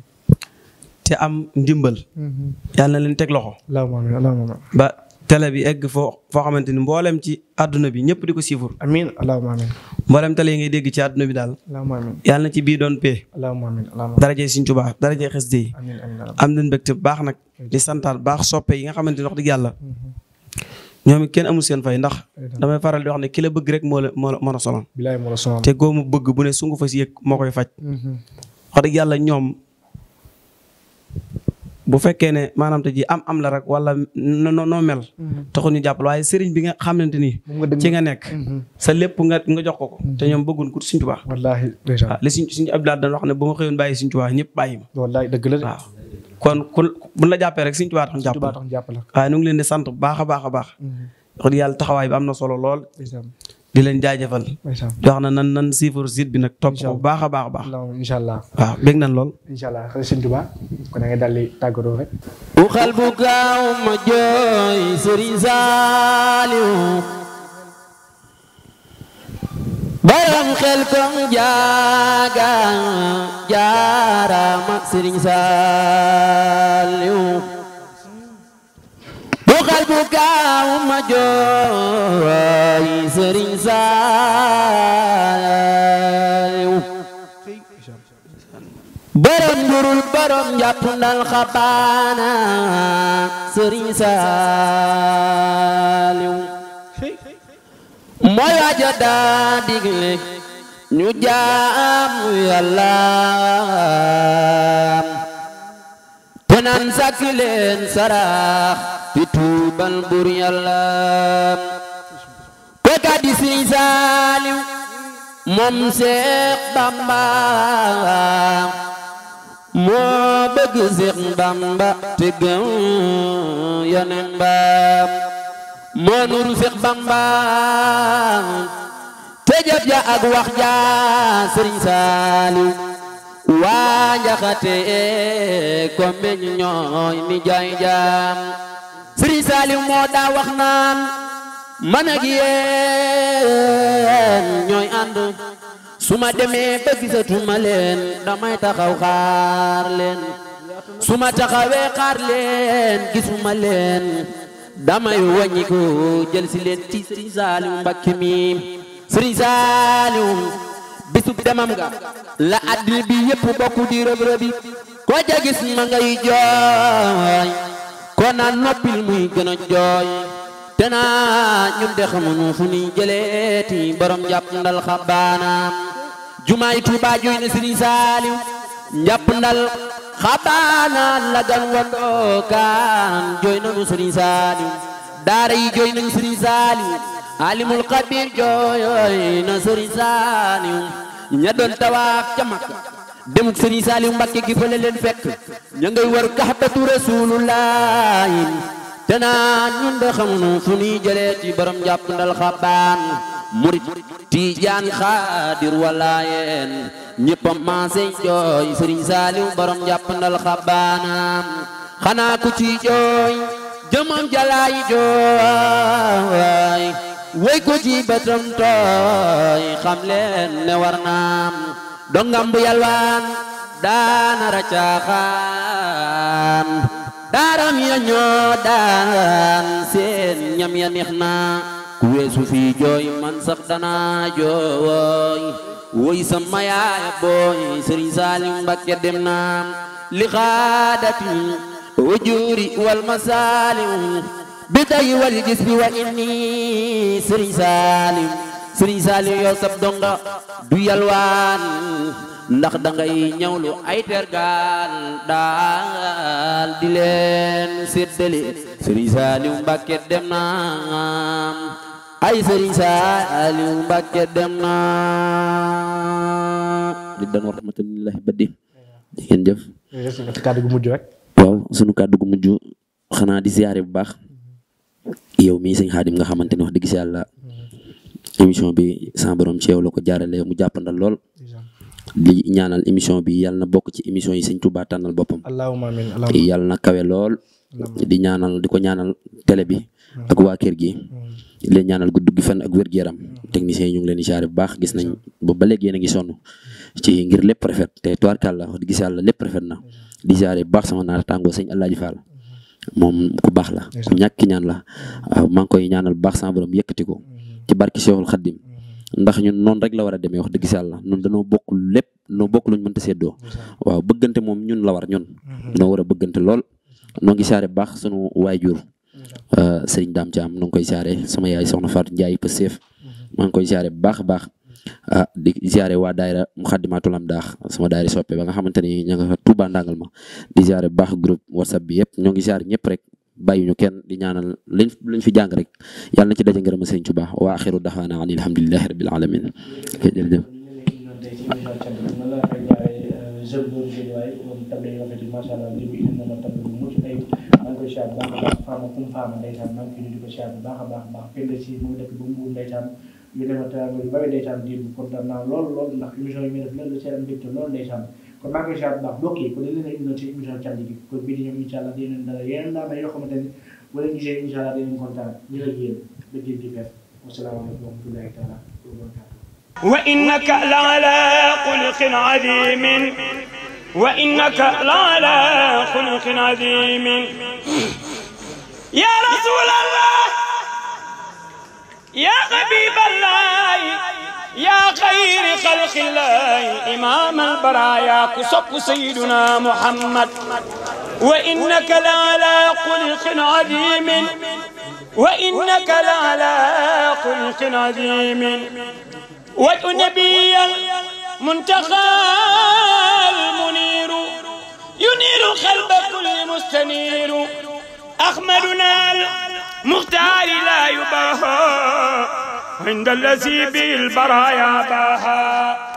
te am ndimbal mm-hmm. yàlla na leen teg loxo ba télé bi egg foo foo xamante ni mboolem ci adduna bi ñëpp di ko siifur amiin allahumma amiin mboolem télé yi ngay dégg ci àdduna bi daal yàlla na ci bii doon pee darajee Sëñ Tuubaa darajee xes yi am nañ mbégte baax nag di santaat baax soppe yi nga xamante ni wax yàlla ñoom it kenn amul seen fay ndax damay faral di wax ne ki la bëgg rek moo la moo la sonal te goomu bëgg bu ne sungu fa si yëg moo koy faj mm-hmm. wax dëgg yàlla ñoom bu fekkee ne maanaam te ji am am la rek wala noo mel mm-hmm. taxul ñu jàppal waaye sëriñ bi nga xamante ni ci nga nekk mm-hmm. sa lépp nga nga jox ko ko te ñoom bëggun ku Sëriñ Tuubaa wallaahi ah, li Sëriñ Abdou wax ne bu ma xëyoon bàyyi Sëriñ Tuubaa ñëpp bàyyi ma wallaahi dëgg la waaw kon ku bu la jàppee rek Sëriñ Tuubaa tax ñu jàpp la waaye ñu ngi leen di sant baax a baax a baax mm-hmm. wax yàlla taxawaay bi am na solo lool di leen jaajëfal nan nan siifar bi nag topp baax a baax a baax incha allah waaw lool incha allah Sëriñ Tuubaa jooy Sëriñ Saaliw borom xel kom jaaga jaarama sëriñ bu xal bu gaaw ma jooy sëriñ Saaliw borom burul borom jàpp ndal xabaana mooy waaja daa digle ñu jaamu yàlla te naan sarax fi tuubal bur yàlla ko di siñ moom Seex Bamba moo bëgg Seex Bamba te gëm yonen ba moo nuru Seex Bamba te jëf ja ak wax ja sëriñ Saaliw waa Njaxate ko meñ ñooy mi jaay jaam sëriñ moo daa wax naan man ak yéen ñooy ànd su ma demee ba gisatuma leen damay taxaw xaar leen su ma taxawee leen gisuma damay wàññiku jël si leen ci sëriñ saaliw mbakke mi sëriñ saaliw bisu demam nga la addina bi yépp bokku di rëb rëbi ko ja gis ma ngay jooy ko naan noppil muy gën a te naa ñun de xamunu fu nuy jëleeti borom jàpp ndal xabaana jumaay Tuubaa jooy na sëriñ saaliw njàpp ndal xabaanaan la gan wa dookaan jooy nanu sëriñ saaliw daara yi jooy nañu sëriñ saaliw alimul xabir jooy na sëriñ saaliw ña doon tawaaf ca makka demuk sëriñ saaliw mbakke gi fële leen fekk ña ngay war kaxbatu rasuulullaahi te naan ñun de xamuñu fu ñuy jëlee ci borom ndal xabaan murit tiijaan xaadir walaayeen ñépp a maase sëriñ saaliw borom jàppandal xabaanaam xanaa ku ci jooy jëmam jalaay jooy way ku ci bëtam tooy xam leen ne war naam dongam bu yalwaan daana racaaxaan daaram ya ñoo daan seen ñam ya neex na kuwe sufi joy man dana joy jooy woy sama yaay booy Salim Mbacké demna naam li xaadati wa wal masalim biday wal gis wa inni sri Salim Sri Salim yo sab donga du yalwan ndax dangay ñawlu ay tergaal dal di leen séddale Salim bakke demna ay sëriñ Saliou Mbacke dem na di hmm. iya, dan rahmatullah badi baddi di ngeen jëf kàddu gu mujj rek waw sunu kaddu gu mujj xana di ziaré bu baax yow mi sëñ Xaadim nga xamanteni wax dëgg si yàlla émission bi sa borom ci yow lako jaralé mu jappandal lol di ñaanal émission bi yalla na bok ci émission yi sëñ touba tanal bopam allahumma amin allahumma iya, yalla na kawé lol di ñaanal diko ñaanal télé bi hmm. ak wa kër gi hmm di ñaanal gudd gi fan ak wër gu yaram techniciens ñu ngi leen ciaré bu baax gis nañ ba ba légui ñi sonu ci ngir lepp rafet te tubaarkàlla wax gis yalla lepp rafet na di siyaare bu sama naataangoo sëñ Alaaji Fall mom ku bax la ku ñak ñaan la ma ngi koy ñaanal bax sama borom yëkëti ko ci barki cheikhul khadim ndax ñun non rek la wara démé wax dëgg yalla yàlla ñun dañoo bokk lepp no bokk luñ mënta séddo waaw bëggante mom ñun la war ñun no wara bëggante lool no ngi saare bax sunu wayjur Eh, sëriñ dam jam nung nu ngi koy siyaare sama yaay soxna Fatou Ndiaye Pastef maa mhm. ngi koy siyaare bu baax a baax mhm. ah di siyaare waa daayira Muxaddamatul sama daayira soppe ba nga fa Touba ma di siyaare bu whatsapp bi yëpp ñoo ngi siyaare ñëpp rek bàyyiñu kenn di ñaanal liñ liñ fi jàng rek yàlla na ci daje ngërëm sëriñ Tuubaa wa axiru ham alhamdulillahi rabbil alamin jërëjëf koy siyaar bu baax a baax faama kum faama ndeysaan maa ngi koy nuyu di ko siyaar bu baax a baax baax kenn si mu dëkk ba mbuur ndeysaan ñu dema travail yu bari ndeysaan démb kontaan naa lool lool ndax émission yi ñu def loolu la seen mbégte lool ndeysaan kon maa ngi koy siyaar bu baax mbokk yi kon dañ leen indiloon ci émission cant gi kon bii di ñëw incha allah dinañ dara yeneen daama yoo xamante ne wala gisee incha allah dinañ kontaan ñu ak yéen ba jëm di fees wasalaamaaleykum wa rahmatullahi taala wa barakatuh wa innaka la ala xuluqin adimin وإنك لعلى خلق عظيم يا رسول الله يا حبيب الله يا خير خلق الله إمام البرايا كسب سيدنا محمد وإنك لعلى خلق عظيم وإنك لعلى خلق عظيم وتنبي نبيا منتقى المنير ينير قلب كل مستنير أخمدنا المختار لا يباهى عند الذي بالبرايا باهى